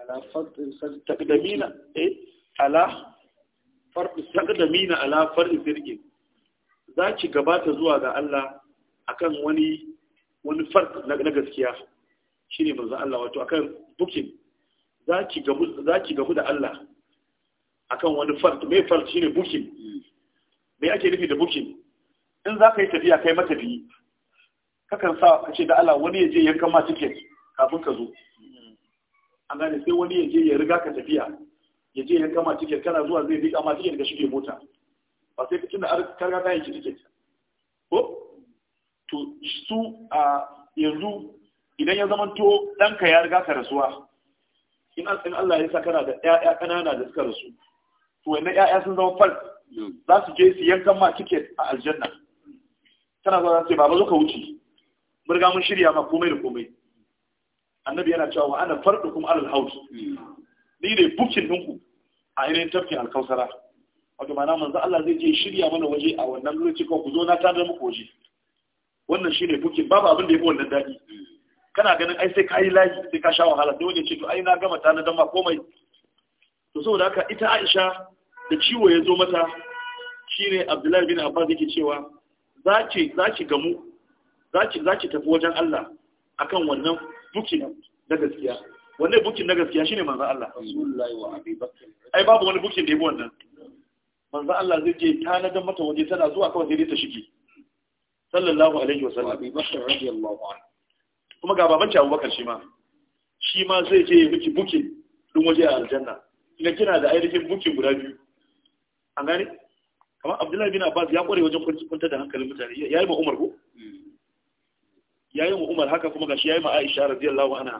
ala fardin taqdamina eh ala fardin taqdamina ala fardin za ki gabata zuwa ga Allah akan wani wani fark na gaskiya shine manzo Allah wato akan booking za ki gabu za ki gabu da Allah akan wani fark mai fark shine booking hmm. me ake nufi da booking in za ka yi tafiya kai matafiyi kakan sa a ce da Allah wani ya je yanka ma tiket kafin ka zo an gane sai wani ya je ya riga ka tafiya ya je yanka ma tiket kana zuwa zai rika ma tiket ka shige mota ba sai ka tunda ka riga ka yanki tiket ko to su a yanzu idan ya zama to ɗanka ya riga ka rasuwa in Allah ya sa kana da ƴaƴa ƙanana da suka rasu to wannan ƴaƴa sun zama fal hmm. za su je su yanka ma tiket a aljanna kana zuwa sai ce baba zo ka wuce mun riga mun shirya ma komai da komai annabi yana cewa ana kuma alal haus ni ne bukin ɗinku a ainihin tafkin alkausara wato ma'ana manzo Allah zai je shirya mana waje a wannan lokaci ko ku zo na tada muku waje wannan shine bukin babu abin da yafi wannan dadi kana ganin ai sai ka yi layi sai ka sha wahala sai wani ya ce to ai na gama tana dan ma komai to saboda haka ita Aisha da ciwo ya zo mata shine Abdullahi bin Abbas yake cewa zaki za ki gamu za ki tafi wajen Allah akan wannan bukin na gaskiya wannan bukin na gaskiya shine manzo Allah ai babu wani bukin da yabi wannan manzo Allah zai je tanadan mata waje tana zuwa kawai sai ta shige sallallahu alaihi wa sallam. radiyallahu anhu kuma ga baban Abu Bakar shi ma shi ma zai je miki bukin din waje a aljanna ina kina da ainihin bukin guda biyu an gane kamar Abdullahi bin Abbas ya kware wajen kwantar da hankalin mutane yayi ma Umar ko yayi wa Umar haka kuma gashi yayi ma Aisha radiyallahu anha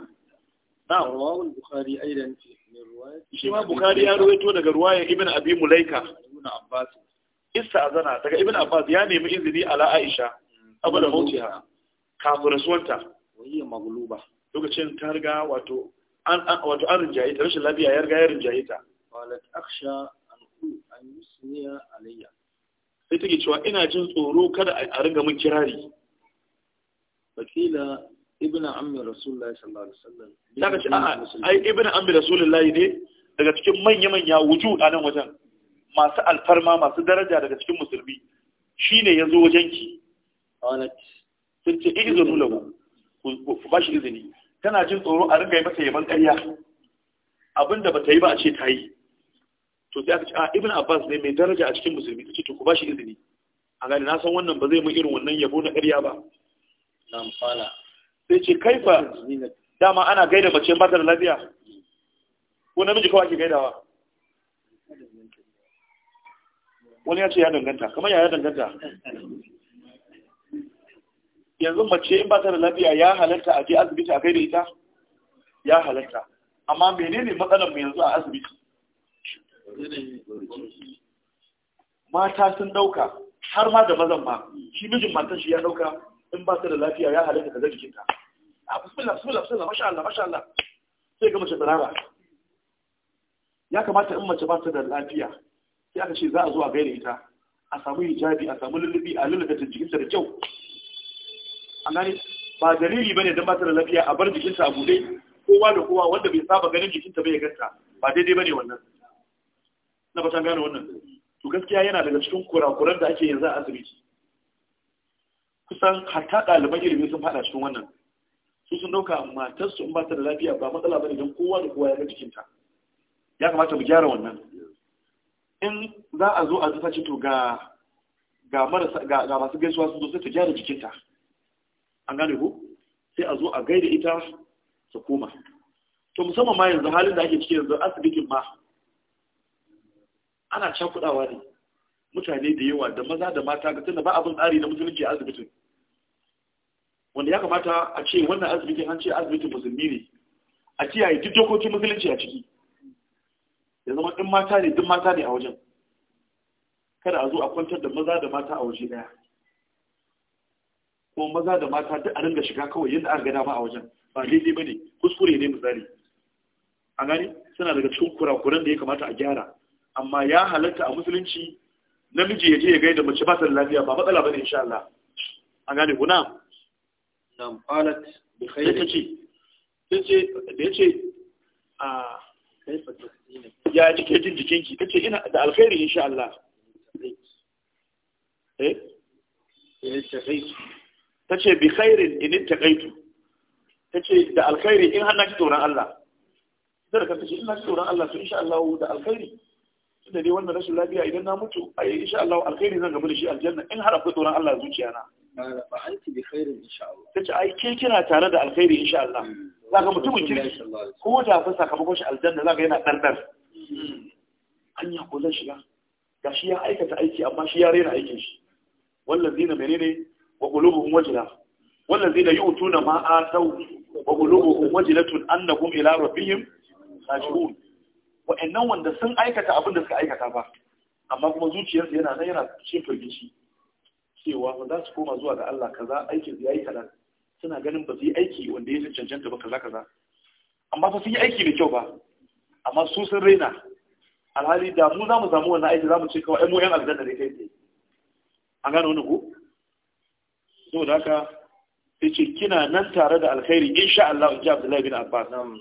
na'am rawahu al-Bukhari aidan fi min riwayat shi ma Bukhari ya ruwaito daga riwayar Ibn Abi Mulaika Ibn Abbas Azana daga Ibn Abbas ya nemi izini ala Aisha abada mautiha kafin rasuwanta wani magluba lokacin ta riga wato an wato an rinjaye ta rashin lafiya ya riga ya rinjaye ta qalat akhsha an an yusniya alayya sai take cewa ina jin tsoro kada a ringa min kirari fakila ibn ammi rasulullahi sallallahu alaihi wasallam daga ce a'a ai ibn ammi rasulullahi ne daga cikin manya manya wuju a nan wajen masu alfarma masu daraja daga cikin musulmi shine yazo wajen ki qalat sun ce izinu lahu ku ba shi izini tana jin tsoro a ringa yi masa yaban ƙarya abinda bata yi ba a ce ta yi to sai aka ce a ibn abbas ne mai daraja a cikin musulmi ta ce to ku ba shi izini a gani na san wannan ba zai mun irin wannan yabo na ƙarya ba nam qala sai ce kaifa dama ana gaida mace ba da lafiya ko namiji kawai ke gaidawa wani ya ce ya danganta kamar ya danganta yanzu mace in ba ta da lafiya ya halatta a je asibiti a gaida ita ya halatta amma menene matsalar mu yanzu a asibiti mata sun dauka har ma da mazan ma shi mijin matan shi ya dauka in ba ta da lafiya ya halatta ta ga jikinta a ah, bismillah bismillah bismillah masha Allah masha Allah sai ga mace tsirara ya kamata in mace ba ta da lafiya sai aka ce za a zo a gaida ita a samu hijabi a samu lullubi a lullube ta jikinta da kyau an gane ba dalili bane don ba ta da lafiya a bar jikinta a bude kowa da kowa wanda bai saba ganin jikinta bai ganta ba daidai bane wannan na ba ta gane wannan to gaskiya yana daga cikin kurakuran da ake yanzu a asibiti kusan hatta ɗaliban ilimi sun faɗa cikin wannan su sun ɗauka matar su in ba ta da lafiya ba matsala ne don kowa da kowa ya ga jikinta ya kamata mu gyara wannan in za a zo a zata ce to ga masu gaisuwa sun zo sai ta gyara jikinta an gane ko sai a zo a gaida ita su koma to musamman ma yanzu halin da ake ciki yanzu asibitin ma ana cakudawa ne mutane da yawa da maza da mata ga tunda ba abin tsari na musulunci a asibitin wanda ya kamata a ce wannan asibitin an ce asibitin musulmi ne a kiyaye duk dokokin musulunci a ciki ya zama ɗin mata ne duk mata ne a wajen kada a zo a kwantar da maza da mata a waje ɗaya ko maza da mata duk a ringa shiga kawai yadda aka gada ma a wajen ba daidai ba ne kuskure ne misali a gani suna daga cikin kurakuran da ya kamata a gyara amma ya halatta a musulunci namiji ya je ya gaida mace ba ta lafiya ba matsala bane insha Allah an gane ku na nam qalat bi khair ta ce da yace a ah, kaifa tasdina ya kike jin jikinki tace ina da alkhairi insha Allah eh ta ce bi khairin inin taƙaitu ta ce da alkhairi in har na ki tsoron Allah zai da kasance ina ki tsoron Allah to insha Allah da alkhairi tunda dai wannan rashin lafiya idan na mutu ai insha Allah alkhairi zan gamu da shi aljanna in har akwai tsoron Allah zuciya na fa anti bi khairin insha Allah tace ai ke kina tare da alkhairi insha Allah hmm. zaka mutumin kirki ko da fa sakamakon shi aljanna zaka yana dardar hmm. hanya ko zan shiga shi ya aikata aiki amma shi ya rena aikin shi wannan zina menene wa qulubuhum wajila wannan zina yu'tuna ma atau wa qulubuhum wajilatun annahum ila rabbihim raji'un wa'annan wanda sun aikata abin da suka aikata ba amma kuma zuciyarsa yana nan yana cin firgici cewa ba za su koma zuwa ga Allah kaza aikin ya yi kaza suna ganin ba su yi aiki wanda ya cancanta ba kaza kaza amma fa sun yi aiki da kyau ba amma su sun raina alhali da mu za mu samu wannan aiki za mu ce kawai mu yan aljanna ne kai tsaye an gane wani ko da haka sai ce kina nan tare da alkhairi insha Allah in ji Abdullahi bin Abbas nam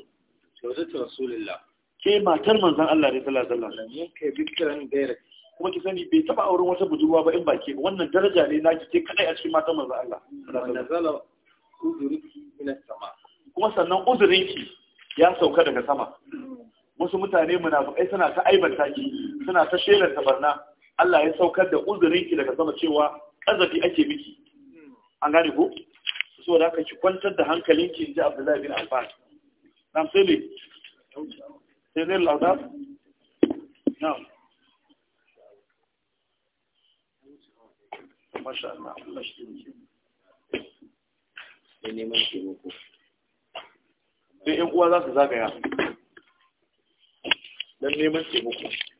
saudatu rasulullah sai matar manzan Allah ne sallallahu alaihi wasallam kai bikiran kuma ki sani bai taba auren wata budurwa ba in ba ke wannan daraja ne naki ke kadai a cikin matar manzan Allah kuma sannan uzurinki ya sauka daga sama wasu mutane munafikai suna ta aibanta ki suna ta shelar tabarna Allah ya saukar da uzurinki daga sama cewa kazafi ake miki an gane ko saboda ka ki kwantar da hankalinki inji Abdullahi bin Abbas nam sai ne sai zai lauda na'am masha Allah Allah shi ne neman sai uwa za su zagaya don neman taimako